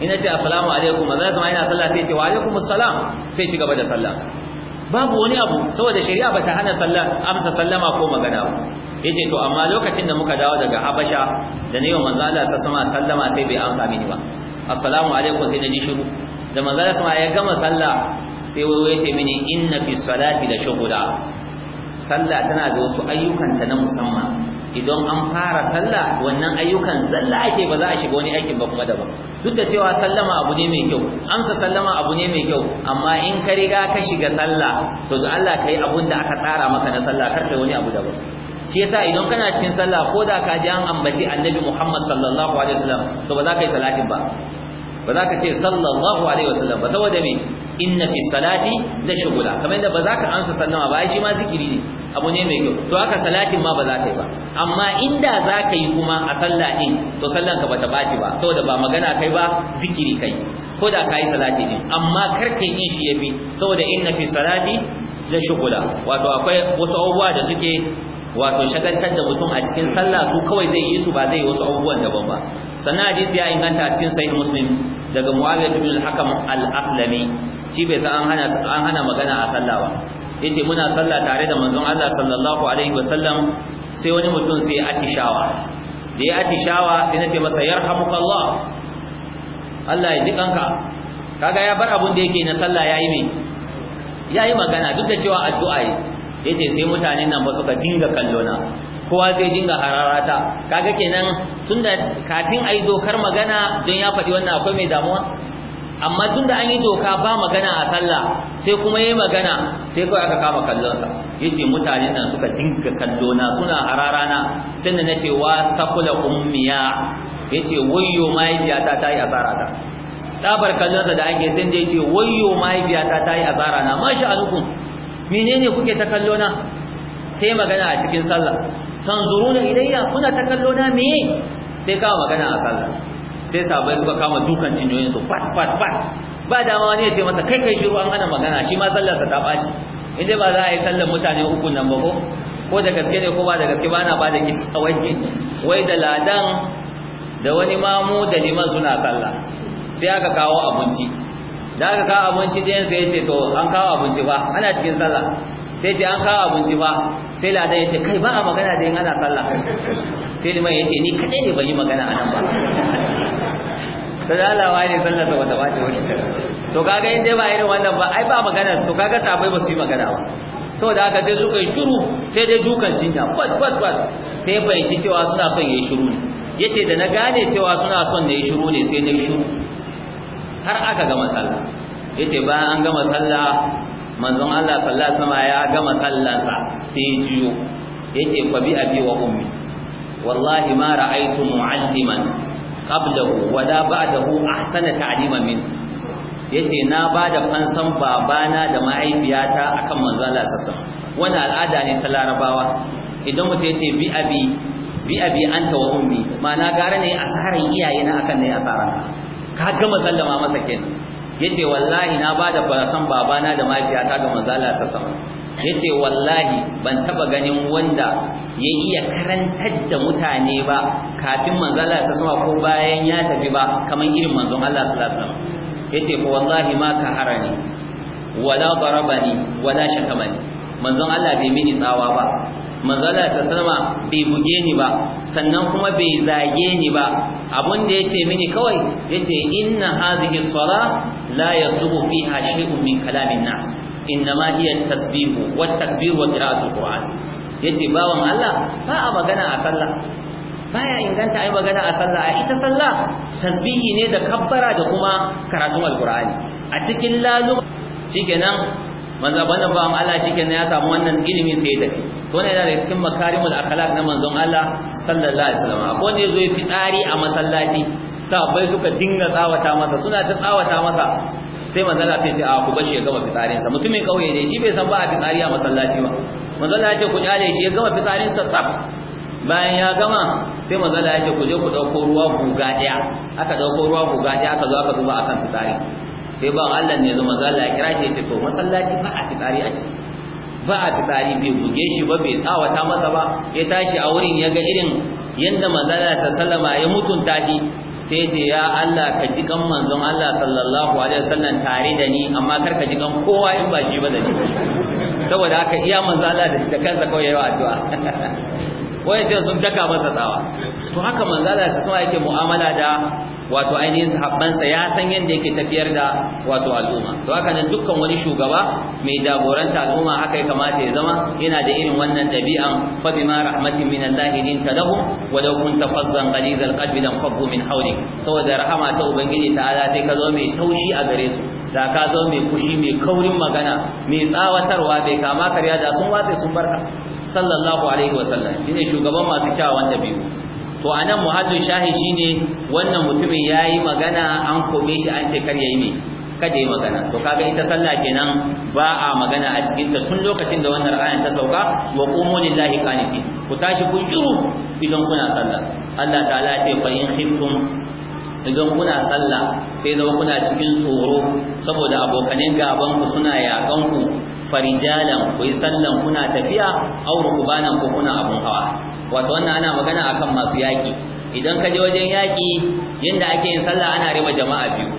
in ce assalamu alaikum manzo sama yana sallah sai ce wa alaikum assalam sai ci gaba da sallah babu wani abu saboda shari'a bata hana sallah amsa sallama ko magana ba yace to amma lokacin da muka dawo daga Habasha da ne manzo Allah sama sallama sai bai amsa mini ba assalamu alaikum sai na shiru da manzo Allah ya gama sallah sai wayo yace mini inna fi salati la shughula sallah tana da wasu ayyukanta na musamman idan an fara sallah wannan ayyukan sallah ake ba za a shiga wani aikin ba kuma daban duk da cewa sallama abu ne mai kyau amsa sallama abu ne mai kyau amma in ka riga ka shiga sallah to da Allah kai abun da aka tsara maka na sallah kar kai wani abu daban shi yasa idan kana cikin sallah ko da ka ji an ambaci annabi Muhammad sallallahu alaihi wasallam to ba za ka yi salatin ba ba za ka ce sallallahu alaihi wasallam ba saboda me inna fi salati la shugula kamar da ba za ka ansa sallama ba shi ma zikiri ne abu ne mai kyau to haka salatin ma ba za ka yi ba amma inda za ka yi kuma a sallah din to sallan ka bata baci ba saboda ba magana kai ba zikiri kai ko da ka yi salati din amma kar ka yi shi yafi saboda inna fi salati la shugula wato akwai wasu abubuwa da suke wato shagaltar da mutum a cikin sallah su kawai zai yi su ba zai yi wasu abubuwan daban ba sannan hadisi ya inganta cikin sahih muslim daga muawiya bin al-hakam al-aslami shi bai san an hana an hana magana a sallah ba yace muna sallah tare da manzon Allah sallallahu alaihi wasallam sai wani mutum sai atishawa da ya atishawa sai nace masa yarhamukallah Allah ya ji kanka kaga ya bar abun da yake na sallah yayi me yayi magana duk da cewa addu'a yace sai mutanen nan ba suka dinga kallona kowa zai dinga hararata kaga kenan tunda kafin ayi dokar magana don ya faɗi wannan akwai mai damuwa amma tunda an yi doka ba magana a sallah sai kuma yayi magana sai kawai aka kama kallonsa yace mutane nan suka dinga kallo na suna hararana sai na ce wa taqula ummiya yace wayyo mahaifiyata ta yi asara ta tabar kallonsa da ake sai da yace wayyo mahaifiyata ta yi asara na masha alukum menene kuke ta kallo na sai magana a cikin sallah tanzuruna ilayya kuna ta kallo na me sai ka magana a sallah sai sabai suka kama dukan cinyoyin su pat pat pat ba dama wani ya ce masa kai kai shiru an gana magana shi ma sallar sa ta baci in dai ba za a yi sallar mutane uku nan ba ko ko da gaske ne ko ba da gaske ba na ba da kisa wai wai da ladan da wani mamu da liman suna sallah sai aka kawo abinci da aka kawo abinci ɗayan sai ya ce to an kawo abinci ba ana cikin sallah sai ce an kawo abinci ba sai ladan ya ce kai ba a magana da yin ana sallah sai liman ya ce ni kaɗai ne ban yi magana a nan ba sai da Allah wani sallar da wata bace wani to kaga in dai ba irin wannan ba ai ba magana to kaga sabai ba su yi magana ba saboda haka sai suka yi shiru sai dai dukan jinya bat bat bat sai fahimci cewa suna son yayi shiru ne yace da na gane cewa suna son yi shiru ne sai na shiru har aka gama sallah yace bayan an gama sallah manzon Allah sallallahu alaihi wasallam ya gama sallansa sai ya jiyo yace fa bi abi wa ummi wallahi ma ra'aytu mu'alliman qablahu wa da ba'dahu ahsana ta'liman min yace na bada fansan babana da ma'aifiyata akan manzon Allah sallallahu alaihi wasallam wannan al'ada ne ta larabawa idan mutum yace bi abi bi abi anta wa ummi ma'ana gara ne asaran iyayena na akan ne asaran ka gama sallama masa kenan yace wallahi na bada farasan babana da mafiyata ga manzo Allah sallallahu yace wallahi ban taba ganin wanda ya iya karantar da mutane ba kafin manzo Allah sallallahu ko bayan ya tafi ba kaman irin manzon Allah sallallahu yace ko wallahi ma ka harani wala darabani wala shakamani manzon Allah bai mini tsawa ba manzala ta sama bai buge ni ba sannan kuma bai zage ni ba abun da yace mini kawai yace inna hadhihi sala la yasubu fiha shay'un min kalamin nas innama hiya tasbihu wa takbir wa qira'atul qur'an yace bawan Allah ba a magana a sallah baya inganta ai magana a sallah a ita sallah tasbihi ne da kabbara da kuma karatun alqur'ani a cikin lalu shikenan manzo ba bawan Allah ne ya samu wannan ilimi sai da to yana da cikin makarimul akhlaq na manzon Allah sallallahu alaihi wasallam akwai ne zo fi fitsari a masallaci sahabbai suka dinga tsawata masa suna ta tsawata masa sai manzo Allah sai ce a ku shi ya gama fitsarin sa mutumin kauye ne shi bai san ba a fitsari a masallaci ba manzo Allah ya ce ku kyale shi ya gama fitsarin sa tsaf bayan ya gama sai manzo Allah ya ce ku je ku dauko ruwa guga daya aka dauko ruwa guga daya aka zo aka zuba akan fitsari sai ba Allah ne zama zalla ya kira shi ya ce to masallaci ba a fitsari a ciki ba a fitsari bai buge shi ba bai tsawata masa ba ya tashi a wurin ya ga irin yadda manzala sallama ya mutunta shi sai ya ce ya Allah ka ji kan manzon Allah sallallahu alaihi wasallam tare da ni amma kar ka ji kan kowa in ba shi ba da ni saboda haka iya manzala da da kansa kawai yayi addu'a wai ce sun daka masa tsawa to haka manzala sallama yake mu'amala da wato ainihin sahabbansa ya san yadda yake tafiyar da wato al'umma to haka nan dukkan wani shugaba mai jagoranta al'umma haka ya kamata ya zama yana da irin wannan dabi'an fa bima rahmatin min Allah linta lahum wa law kunta fazzan ghalizal qalbi lam min hawlik saboda rahama ta ubangiji ta'ala sai ka zo mai taushi a gare su da ka zo mai fushi mai kaurin magana mai tsawatarwa bai kama karya da sun watsa sun barka sallallahu alaihi wa sallam shine shugaban masu kyawawan dabi'u to anan muhaddu shahi shine wannan mutumin ya yi magana an kome shi an ce kar yayi ne kada yi magana to kaga ita sallah kenan ba a magana a cikin ta tun lokacin da wannan ayan ta sauka wa qumu lillahi qanitin ku tashi ku shiru idan kuna sallah Allah ta'ala ya ce fa in khiftum idan kuna sallah sai zama kuna cikin tsoro saboda abokanin gaban ku suna yakan ku farijalan ku yi sallan kuna tafiya aw rukubanan ku kuna abun hawa wato wannan ana magana akan masu yaki idan ka je wajen yaki yanda ake yin sallah ana riba jama'a biyu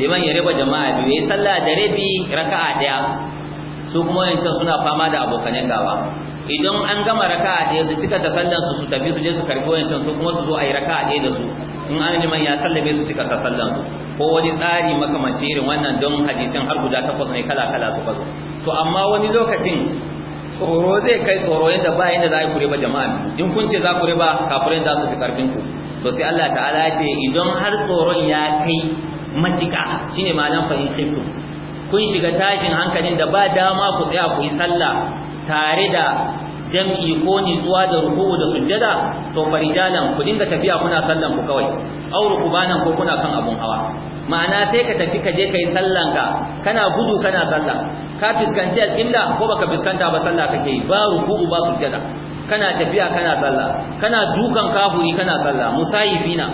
liman ya riba jama'a biyu yayi sallah da rabi raka'a daya su kuma yancan suna fama da abokanen gaba idan an gama raka'a daya su cika ta sallan su su tafi su je su karbi wancan su kuma su zo ayi raka'a daya da su in an man ya sallabe su cika ta sallan ko wani tsari makamanci irin wannan don hadisin har guda takwas ne kala kala su bazo to amma wani lokacin tsoro zai kai tsoro yadda ba yadda za ku ba jama'a in kun ce za ku riba kafirin za su fi karfin ku to sai Allah ta'ala ce idan har tsoron ya kai matika shine malam fa in kun shiga tashin hankalin da ba dama ku tsaya ku yi sallah tare da jam'i ko nitsuwa da ruku'u da sujjada to farijalan ku dinga tafiya kuna sallan ku kawai aw rukubanan ko kuna kan abun hawa ma'ana sai ka tafi ka je kai sallan ka kana gudu kana sallah ka fiskanci al-qibla ko baka fiskanta ba sallah kake ba ruku'u ba sujjada kana tafiya kana sallah kana dukan kafuri kana sallah musayifina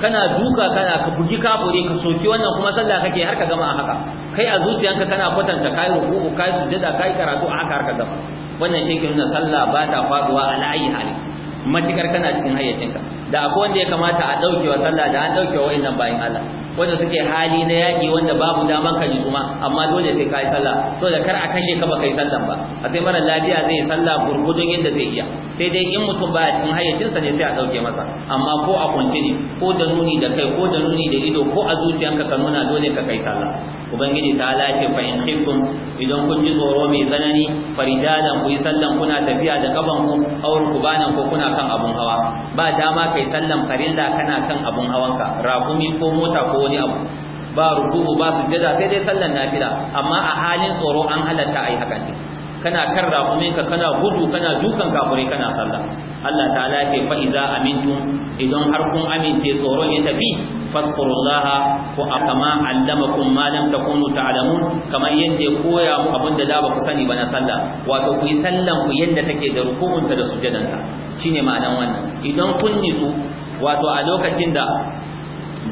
kana duka kana ka bugi kafure ka soki wannan kuma sallah kake har ka gama a haka kai a zuciyanka kana kwatanta kai ruku kai da kai karatu a haka har ka gama wannan shi ke nuna sallah ba ta faduwa a la'ayi hali Matikar kana cikin hayyacinka da akwai wanda ya kamata a daukewa sallah da an daukewa nan bayan Allah wanda suke hali na yaƙi wanda babu daman ka kuma amma dole sai ka yi sallah so da kar a kashe ka baka yi sallah ba a sai mara lafiya zai yi sallah gurgudun yadda zai iya sai dai in mutum ba a cikin hayyacinsa ne sai a ɗauke masa amma ko a kunci ne ko da nuni da kai ko da nuni da ido ko a zuciyanka ka nuna dole ka kai sallah ubangiji ta lashe fa in khifkum idan kun ji tsoro mai tsanani farijalan ku yi sallan kuna tafiya da kaban ku aur kubanan ko kuna kan abun hawa ba dama kai sallan farilla kana kan abun hawanka rakumi ko mota ko wani abu ba ruku'u ba sujjada sai dai sallan nafila amma a halin tsoro an halatta ai hakan ne kana kan raƙuminka kana gudu kana dukan kafirai kana sallah Allah ta'ala ce fa iza amintum idan har kun amince tsoron ya tafi fasqurullaha ko akama allamakum ma lam takunu ta'lamun kamar yadda koya mu abin da da ba ku sani ba na sallah wato ku yi sallan ku yadda take da rukunta da ta shine ma'anan wannan idan kun nitsu wato a lokacin da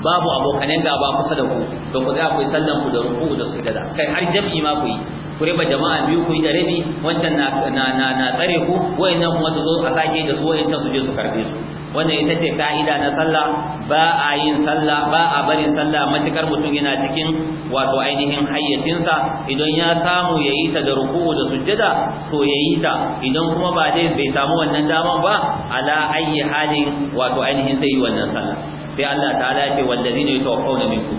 babu abokanen gaba kusa da ku da ku za ku yi sallan ku da ruku da sujada kai har jam'i ma ku yi ku riba jama'a biyu ku yi da rabi wancan na na na tsare ku wayannan kuma su zo a sake da su wayancan su je su karbe su wannan ita ce ka'ida na sallah ba a yin sallah ba a barin sallah matukar mutum yana cikin wato ainihin hayyacinsa idan ya samu yayi ta da ruku'u da sujada to yayi ta idan kuma ba dai bai samu wannan dama ba ala ayyi halin wato ainihin zai yi wannan sallah sai Allah ta ala ce wallazi ne ta wafauna minku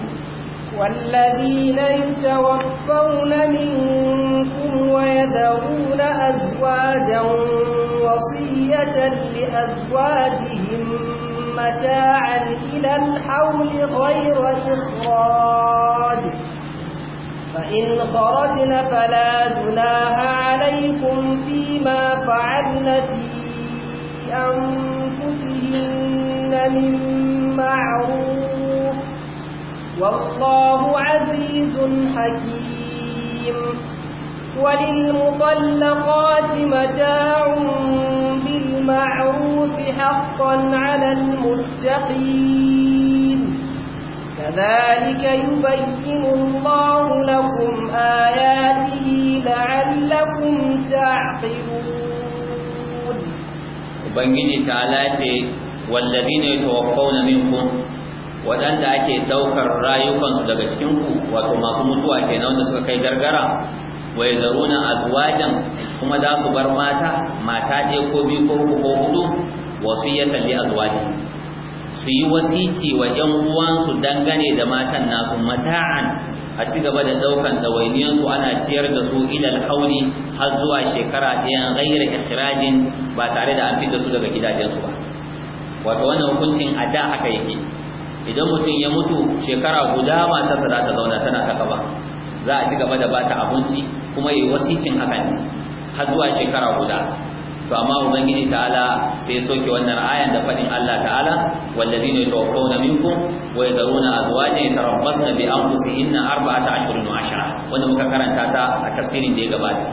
wallazi ne ta wafauna minku wa ya daruna azwajen wasiyyatar li azwajihim mata'an ilal hauli ghairu ikhraj فإن خرجنا فلا دناها عليكم فيما فعلنا في أنفسهن من معروف والله عزيز حكيم وللمطلقات متاع بالمعروف حقا على المتقين كذلك يبين الله لكم آياته لعلكم تعقلون وبنجي تعالى ce والذين يتوفون منكم waɗanda ake ɗaukar rayukansu daga cikinku wato masu mutuwa kenan da suka kai gargara wa a azwajan kuma za su bar mata mata ɗaya ko biyu ko uku ko hudu wasiyatan a azwaji su yi wasici wa ƴan uwansu dangane da matan nasu mata'an a ci gaba da ɗaukar ɗawainiyansu ana ciyar da su ilal hauli har zuwa shekara ɗayan ghaira ikhrajin ba tare da an da su daga gidajensu ba wato wannan hukuncin a da haka yake idan mutum ya mutu shekara guda matarsa za ta zauna tana ta gaba za a ci gaba da bata abinci kuma yi wasicin hakan har zuwa shekara guda to amma ubangiji ta'ala sai soke wannan ayan da fadin Allah ta'ala wallazina yatawaffawna minkum wa yadharuna azwajan yatarabbasna bi anfusihinna arba'ata ashhurin wa ashra Wannan muka karanta ta a tafsirin da ya gabata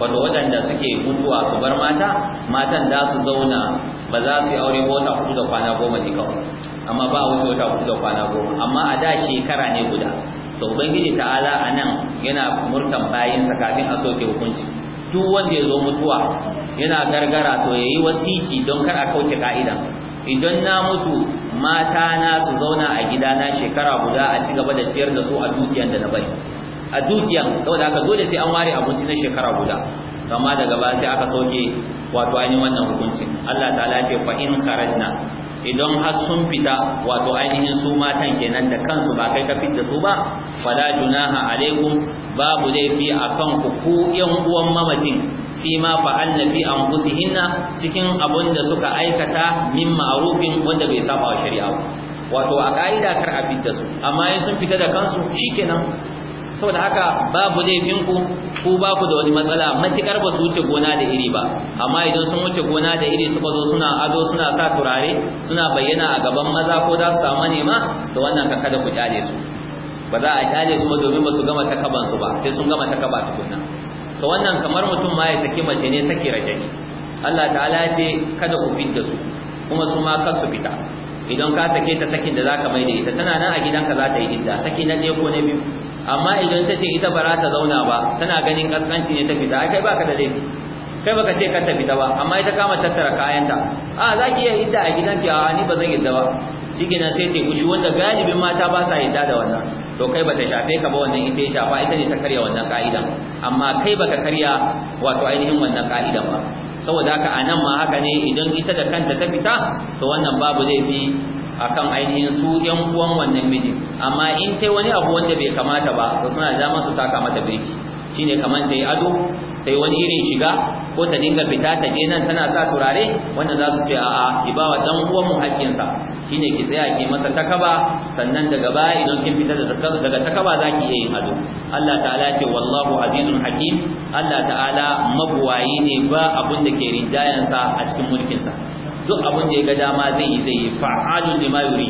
wato waɗanda suke mutuwa su bar mata matan da su zauna ba za su yi aure ba wata hudu da kwana goma ne kawai amma ba wuce wata hudu da kwana goma amma a da shekara ne guda to ubangiji ta'ala a nan yana murtan bayansa kafin a soke hukunci duk wanda ya zo mutuwa yana gargara to ya yi wasici don kar a kauce ka'ida idan na mutu mata na su zauna a gidana shekara guda a ci gaba da ciyar da su a dukiyan da na bari a dukiyan saboda haka dole sai an ware abinci na shekara guda kama daga ba sai aka soke wato ainihin wannan hukuncin Allah Ta ce fa in kharajna idan har sun fita wato ainihin su matan kenan da kansu ba kai ka fita su ba fala junaha alaikum babu laifi akan ku ku yan uwan mamacin fi ma fa'alna fi busihinna cikin abun da suka aikata min ma'rufin wanda bai saba wa shari'a wato a ka'ida kar a fita su amma in sun fita da kansu shikenan saboda haka babu laifin ku ku ba da wani matsala matukar ba su wuce gona da iri ba amma idan sun wuce gona da iri suka zo suna ado suna sa turare suna bayyana a gaban maza ko za su samu nema to wannan ka kada ku kyale su ba za a kyale su domin ba su gama takaban su ba sai sun gama takaba tukunna to wannan kamar mutum ma ya saki mace ne saki rajani Allah ta'ala ya ce kada ku fidda su kuma su ma kasu su fita idan ka sake ta sakin da zaka mai da ita tana nan a gidanka za ta yi idda saki na ne ko na biyu amma idan ta ce ita ba za ta zauna ba tana ganin kaskanci ne ta fita ai kai baka da dai kai baka ce ka ta fita ba amma ita kama tattara kayanta a za ki iya idda a gidanki a ni ba zan idda ba shikenan sai ta gushi wanda galibin mata ba sa idda da wannan to kai bata shafe ka ba wannan ita ya shafa ita ne ta karya wannan ka'idan amma kai baka karya wato ainihin wannan ka'idan ba saboda haka anan ma haka ne idan ita da kanta ta fita to wannan babu zai fi. akan ainihin su yan uwan wannan mijin amma in tai wani abu wanda bai kamata ba to suna da damar su taka mata birki shine kamar ta yi ado sai wani irin shiga ko ta dinga fita ta je nan tana sa turare wanda za su ce a'a ki ba wa dan uwan mu haƙƙinsa shine ki tsaya ki masa takaba sannan daga baya idan kin fita daga takaba za ki iya yin ado Allah ta'ala ce wallahu azizun hakim Allah ta'ala mabuwayi ne ba abun da ke rinjayansa a cikin mulkinsa duk abin da ya ga dama zai yi zai yi fa'alu lima yuri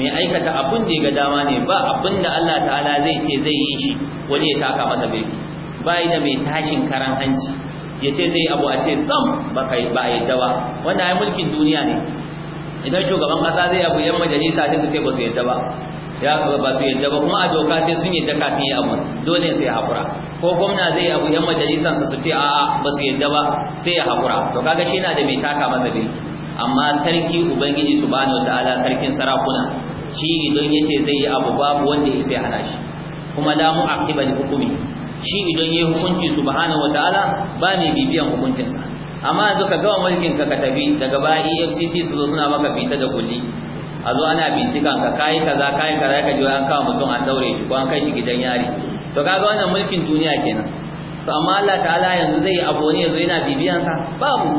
mai aikata abin da ya ga dama ne ba abin da Allah ta'ala zai ce zai yi shi wani ya taka masa birki ba da mai tashin karan hanci ya ce zai abu a ce sam ba kai ba yadda ba wannan ai mulkin duniya ne idan shugaban kasa zai abu yan majalisa duka sai ba su yadda ba ya ba su yadda ba kuma a doka sai sun yadda kafin yi abu dole sai hakura ko gwamna zai abu yan majalisa su ce a'a ba su yadda ba sai ya hakura to kaga shi na da mai taka masa birki amma sarki ubangiji subhanahu wataala sarkin sarakuna shi idan yace zai yi abu babu wanda ya sai hana shi kuma la mu'aqiba li hukumi shi idan yayi hukunci subhanahu wataala ba mai bibiyan hukuncinsa amma yanzu ka gawa mulkin ka ka tafi daga baya EFCC su zo suna maka fita da kulli a zo ana bincikan ka kai kaza kai kaza ka jiwa an kawo mutum an daure shi ko an kai shi gidan yari to kaga wannan mulkin duniya kenan to amma Allah ta'ala yanzu zai abu ne yanzu yana bibiyan sa babu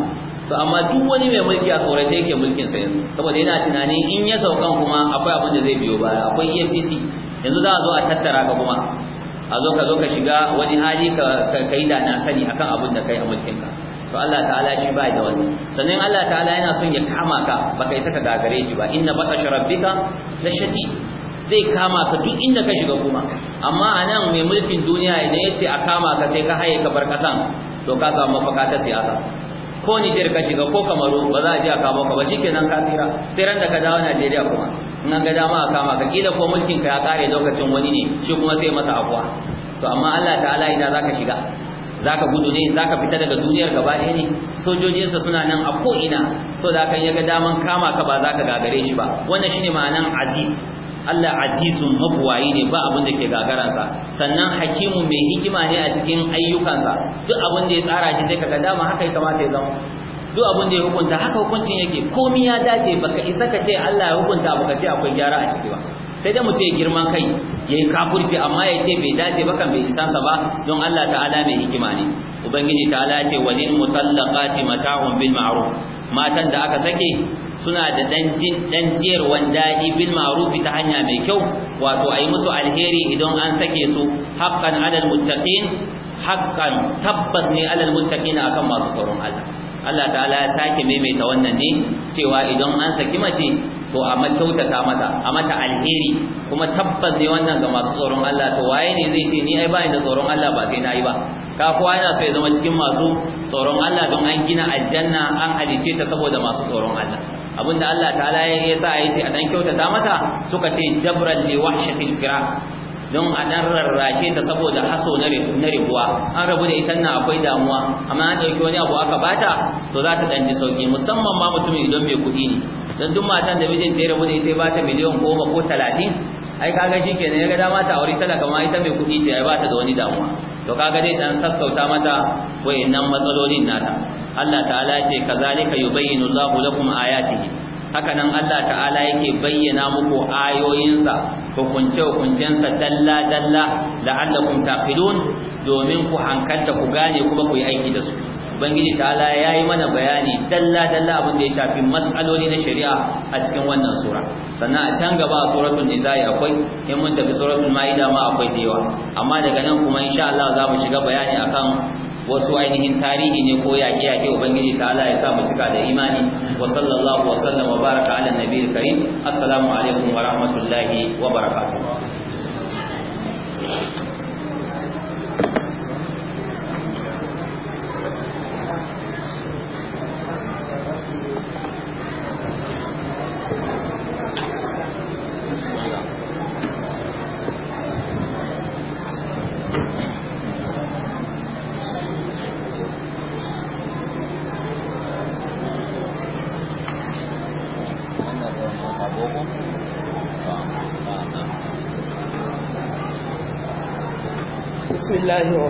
to amma duk wani mai mulki a sai yake mulkin sa yanzu saboda yana tunanin in ya saukan kuma akwai abin da zai biyo baya akwai EFCC yanzu za a zo a tattara ka kuma a zo ka zo ka shiga wani hali ka kai da na sani akan abin da kai a mulkin ka to Allah ta'ala shi ba da wani sannan Allah ta'ala yana son ya kama ka baka isa ka gagare shi ba inna batasha rabbika la shadid zai kama ka duk inda ka shiga kuma amma anan mai mulkin duniya idan yace a kama ka sai ka haye ka bar kasan to ka samu mafaka ta siyasa ko ni Niger ka shiga ko Kamaru ba za a ji a kama ka ba kenan ka tsira sai ran da ka dawo Najeriya kuma in ga dama a kama ka kila ko mulkin ka ya kare lokacin wani ne shi kuma sai masa afuwa to amma Allah ta'ala ina zaka shiga zaka gudu ne zaka fita daga duniyar gaba ɗaya ne sojojinsa suna nan a ko ina so da kan yaga daman kama ka ba zaka gagare shi ba wannan shine ma'anan aziz Allah azizun mabuwayi ne ba abin da ke gagaransa sannan hakimu mai hikima ne a cikin ayyukansa duk abin da ya tsara shi zai kaga dama haka ya kamata ya zama duk abin da ya hukunta haka hukuncin yake komai ya dace baka isa ka ce Allah ya hukunta baka ce akwai gyara a ciki ba sai dai mutum ya girman kai ya yi kafurci amma ya ce bai dace ba kan bai isansa ba don Allah ta'ala mai hikima ne ubangiji ta'ala ce walil mutallaqati mata'un bil ma'ruf matan da aka sake suna da dan jiyarwan daɗi bil ma'rufi ta hanya mai kyau wato a yi musu alheri idan an sake su haqqan alal muttaqin tabbas ne alal muttaqina akan masu tsoron Allah Allah ta'ala ya sake maimaita wannan ne cewa idan an saki mace to a kyautata mata a mata alheri kuma tabbas ne wannan ga masu tsoron Allah to waye ne zai ce ni ai ba da tsoron Allah ba sai nayi ba ka kowa yana so ya zama cikin masu tsoron Allah don an gina aljanna an halice ta saboda masu tsoron Allah abinda Allah ta'ala ya sa a yi ce a dan kyautata mata suka ce jabran li wahshatil firaq don a dan rarrashe ta saboda haso na ribuwa, an rabu da ita na akwai damuwa amma an ɗauki wani abu aka bata to za ta ɗanji sauƙi musamman ma mutumin idan mai kuɗi ne don duk matan da mijinta ya rabu da ita bata miliyan goma ko talatin ai kaga kenan ya ga dama ta aure talaka ma ita mai kuɗi ce ai bata da wani damuwa to kaga dai dan sassauta mata wayannan matsalolin nata Allah ta'ala ce kazalika yubayyinu Allahu lakum ayatihi haka nan Allah ta'ala yake bayyana muku ayoyinsa hukunce-hukuncensa dalla-dalla la'allakum taqilun domin ku hankalta ku gane kuma ku yi aiki da su ubangiji ta'ala yayi mana bayani dalla-dalla abin da ya shafi matsaloli na shari'a a cikin wannan sura sannan a can gaba a suratul nisa'i akwai in mun tafi suratul ma'ida ma akwai da yawa amma daga nan kuma insha Allah za mu shiga bayani akan wasu ainihin tarihi ne ko yaƙe yaƙe ubangiji ta Allah ya sa mu cika da imani wa sallallahu wa sallam wa baraka ala nabiyil karim assalamu alaikum wa rahmatullahi wa barakatuh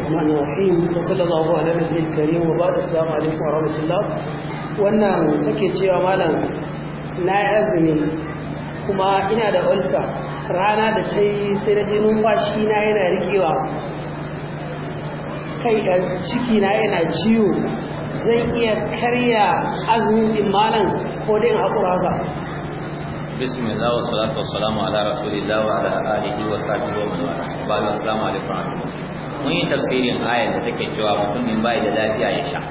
الرحمن الرحيم وصلى الله على النبي الكريم وبعد السلام عليكم ورحمه الله wannan take cewa malam na azumi kuma ina da ulsa rana da ta yi sai da ji numfashi na yana rikewa kai ciki na yana ciwo zan iya karya azumin din malam ko dai a بسم الله والصلاة والسلام على رسول الله وعلى آله وصحبه ومن والاه السلام عليكم الله mun yi tafsirin ayar da take cewa mutumin bai da lafiya ya sha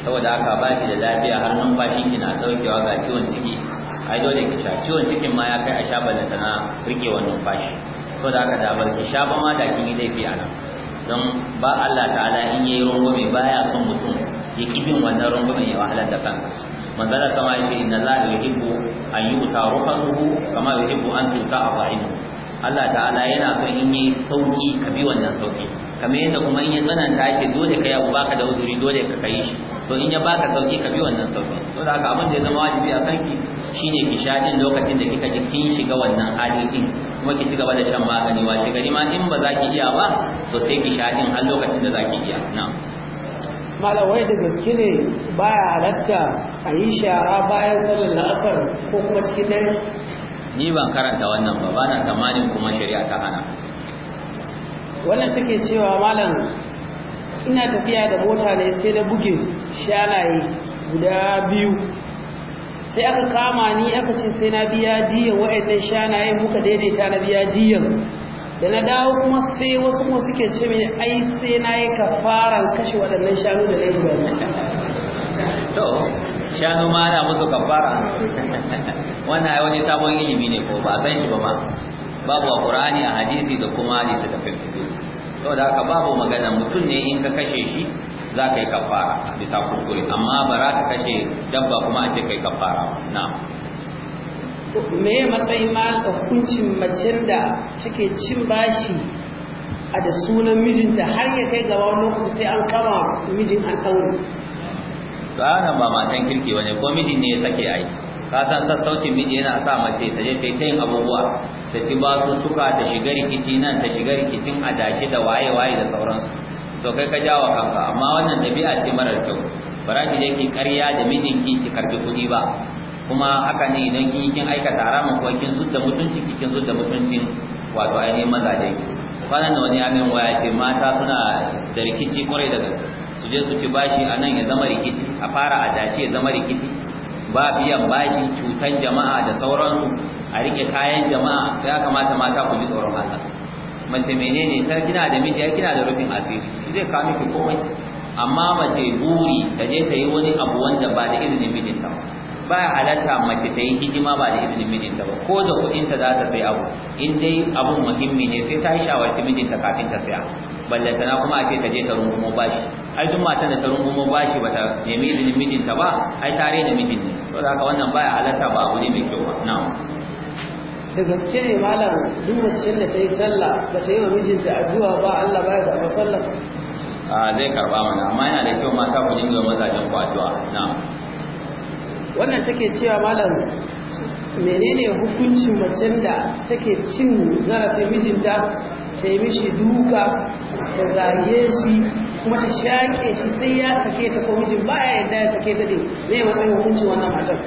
saboda aka ba shi da lafiya har numfashi na daukewa ga ciwon ciki ai dole ki sha ciwon cikin ma ya kai a sha balle sana wannan numfashi saboda haka da barki ki sha ba ma da kin yi laifi a don ba Allah ta'ala in yayi rungume baya son mutum ya kibin wannan rungume ya wahalar da kansa manzala sama yace inna la yuhibbu an yuta ruhuhu kama yuhibbu an tuta abainu Allah ta'ala yana son in yi sauki ka bi wannan sauki kamar yadda kuma in ya tsananta shi dole ka yabu baka da uzuri dole ka kai shi to in ya baka sauki ka bi wannan sauki to da haka abin da ya zama wajibi a kanki shine ki sha din lokacin da kika ji kin shiga wannan hali din kuma ki ci gaba da shan magani wa shi gari ma in ba za ki iya ba to sai ki sha har lokacin da za ki iya na'am Wai da gaske ne baya halatta a yi shara bayan sallar la'asar ko kuma cikin dare ni ban karanta wannan ba bana tsammanin kuma shari'a ta hana wannan suke cewa malam ina tafiya da mota ne sai na buge shalaye guda biyu sai aka kama ni aka ce sai na biya diyan waɗannan shanaye muka daidaita na biya diyan da na dawo kuma sai wasu kuma suke ce mai ai sai na yi kafaran kashe waɗannan shanu da na yi to shanu ma ana ka kafara wannan wani sabon ilimi ne ko ba san shi ba ma babu a qur'ani a hadisi da kuma hadisi da so saboda haka babu magana mutum ne in ka kashe shi za ka yi kafara bisa kurkure amma ba za ka kashe dabba kuma a kai kafara na. me matsayin ma hukuncin macen da cike cin bashi a da sunan mijinta har ya kai gaba wani sai an kama mijin an taure ba ba matan kirki wani ko mijin ne ya sake aiki ka san sassaucin miji yana sa mace ta je ta yin abubuwa ta ci ba su suka ta shiga rikici nan ta shiga rikicin adashi da waye waye da sauransu so kai ka jawo kanka amma wannan dabi'a ce marar kyau bara ki je ki karya da mijinki ki karbi kuɗi ba kuma haka ne idan kin kin aikata haramun ko kin da mutunci kin da mutuncin wato ainihin mazaje kwanan da wani amin waya ce mata suna da rikici kwarai da gaske su je su ci bashi a nan ya zama rikici a fara adashi ya zama rikici ba biyan bashi cutan jama'a da sauransu a rike kayan jama'a ya kamata mata ku bi tsoron Allah mace menene sai kina da miji kina da rufin asiri shi zai kawo miki komai amma mace buri ta je ta yi wani abu wanda ba da izinin mijinta ba ba halatta mace ta yi hidima ba da izinin mijinta ba ko da kuɗinta za ta sai abu in dai abun muhimmi ne sai ta yi shawarci mijinta kafin ta saya ballantana kuma a ce ta je ta rungumo bashi ai duk matan da ta rungumo bashi ba ta nemi izinin mijinta ba ai tare da mijin ne saboda haka wannan baya halatta ba abu ne mai kyau ba na'am da gaske ne malam duk wacce da ta yi sallah ba ta yi wa mijinta addu'a ba Allah baya da ba sallah a ah, zai karba mana amma yana da kyau mata ku dinga mazajen ku addu'a na'am wannan take cewa malam menene hukuncin macen da take cin zarafin mijinta ta yi mishi duka ta zage shi kuma ta shaƙe shi sai ya take ta ko mijin ba ya yadda ya take ta din zai matsayin hukuncin wannan matan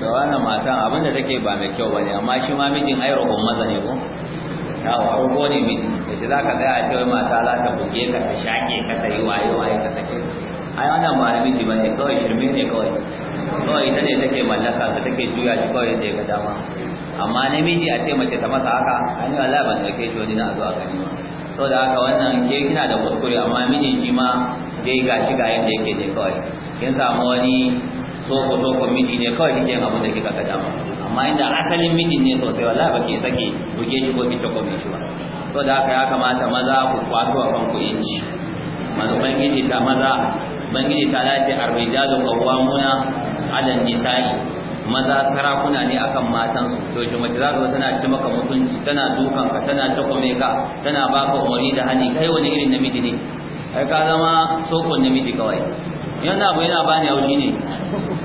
da wannan matan abin da take ba mai kyau ba ne amma shi ma mijin ai rogon maza ne ko ya wa rogo ne mijin da shi za ka tsaya a cewa mata za ta buge ka ta shaƙe ka ta yi waye waye ka take ai wannan ba miji ba ne kawai shirme ne kawai kawai ita ne take mallaka ta take juya shi kawai da ya ga dama amma namiji a ce mace ta masa haka an yi laban da ke shi na a zo a gani so da haka wannan ke kina da kuskure amma miji shi ma dai ga shi ga yanda yake ne kawai kin samu wani soko soko miji ne kawai kike yin abin da kika ga dama amma inda asalin miji ne sosai wallahi ke sake duke shi ko kike ko shi ba so da haka ya kamata maza ku kwato a kanku inci mazu ubangiji ta maza ubangiji ta lati arrijalu qawwamuna 'ala nisa'i maza sarakuna ne akan su to shi mace za tana ci maka mutunci tana dukan ka tana takome ka tana baka umarni da hani kai wani irin namiji ne ai ka zama soko namiji kawai yana abu yana bani haushi ne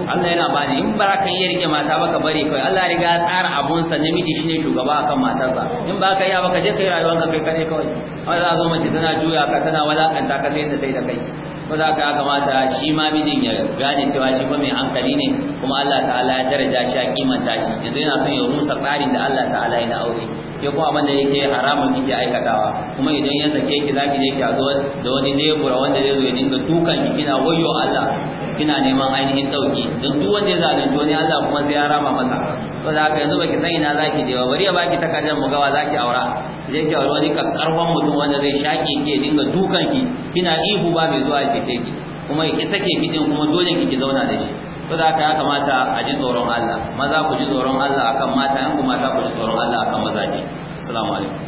Allah yana bani in ba ka iya rike mata baka bari kawai Allah riga tsara abun sa namiji shine shugaba akan matarsa in ba ka iya baka je kai ka kai kai kawai amma za zo mace tana juya ka tana walakanta ka sai kai da kai ko za ka ya kamata shi ma mijin ya gane cewa shi ba mai hankali ne kuma Allah ta'ala ya daraja shi ya kimanta shi yanzu yana son ya rusa tsarin da Allah ta'ala ya na aure ke kuma abin da yake haramun kike aikatawa kuma idan ya sake ki zaki je ki zo da wani lebura wanda zai zo ya dinga dukan ki kina wayo Allah kina neman ainihin dauki don duk wanda ya zalunci wani Allah kuma zai harama rama masa ko da haka yanzu baki san ina zaki je ba bari ya baki takardar mu gawa zaki aura zai ke wani karfan mutum wanda zai shaƙe ki dinga dukan ki kina ihu ba mai zuwa ce ki kuma ki sake ki din kuma dole ki ki zauna da shi to da haka ya kamata a ji tsoron Allah maza ku ji tsoron Allah akan mata yan ku mata ku ji tsoron Allah akan mazaje assalamu alaikum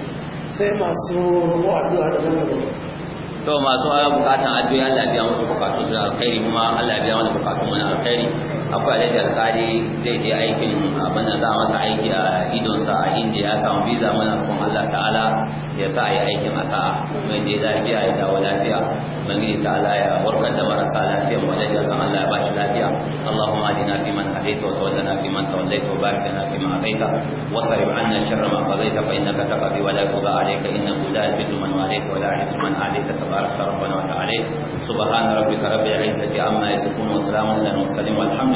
sai masu addu'a da wannan to masu bukatan addu'a Allah ya biya mu bukatun su alkhairi kuma Allah ya biya mana bukatun mana alkhairi akwai alhaji alkali zai je aikin abin da za a masa aiki a idonsa a indiya ya samu biza mana kuma allah ta'ala ya sa yi aikin a sa'a mai da ya lafiya ya dawo lafiya ubangiji ta'ala ya warkar da marasa lafiya mu alhaji san allah ya bashi lafiya allahumma adina fi man hadaita wa tawallana fi man tawallaita wa barik lana fi ma ataita wa sarif anna sharra ma qadaita fa innaka taqdi wa la yuqda alayka innahu la yuzillu man walayta wa la yu'izzu man alayta tabaraka rabbana wa ta'ala subhana rabbika rabbil izzati amma yasifun wa salamun alal mursalin walhamdulillah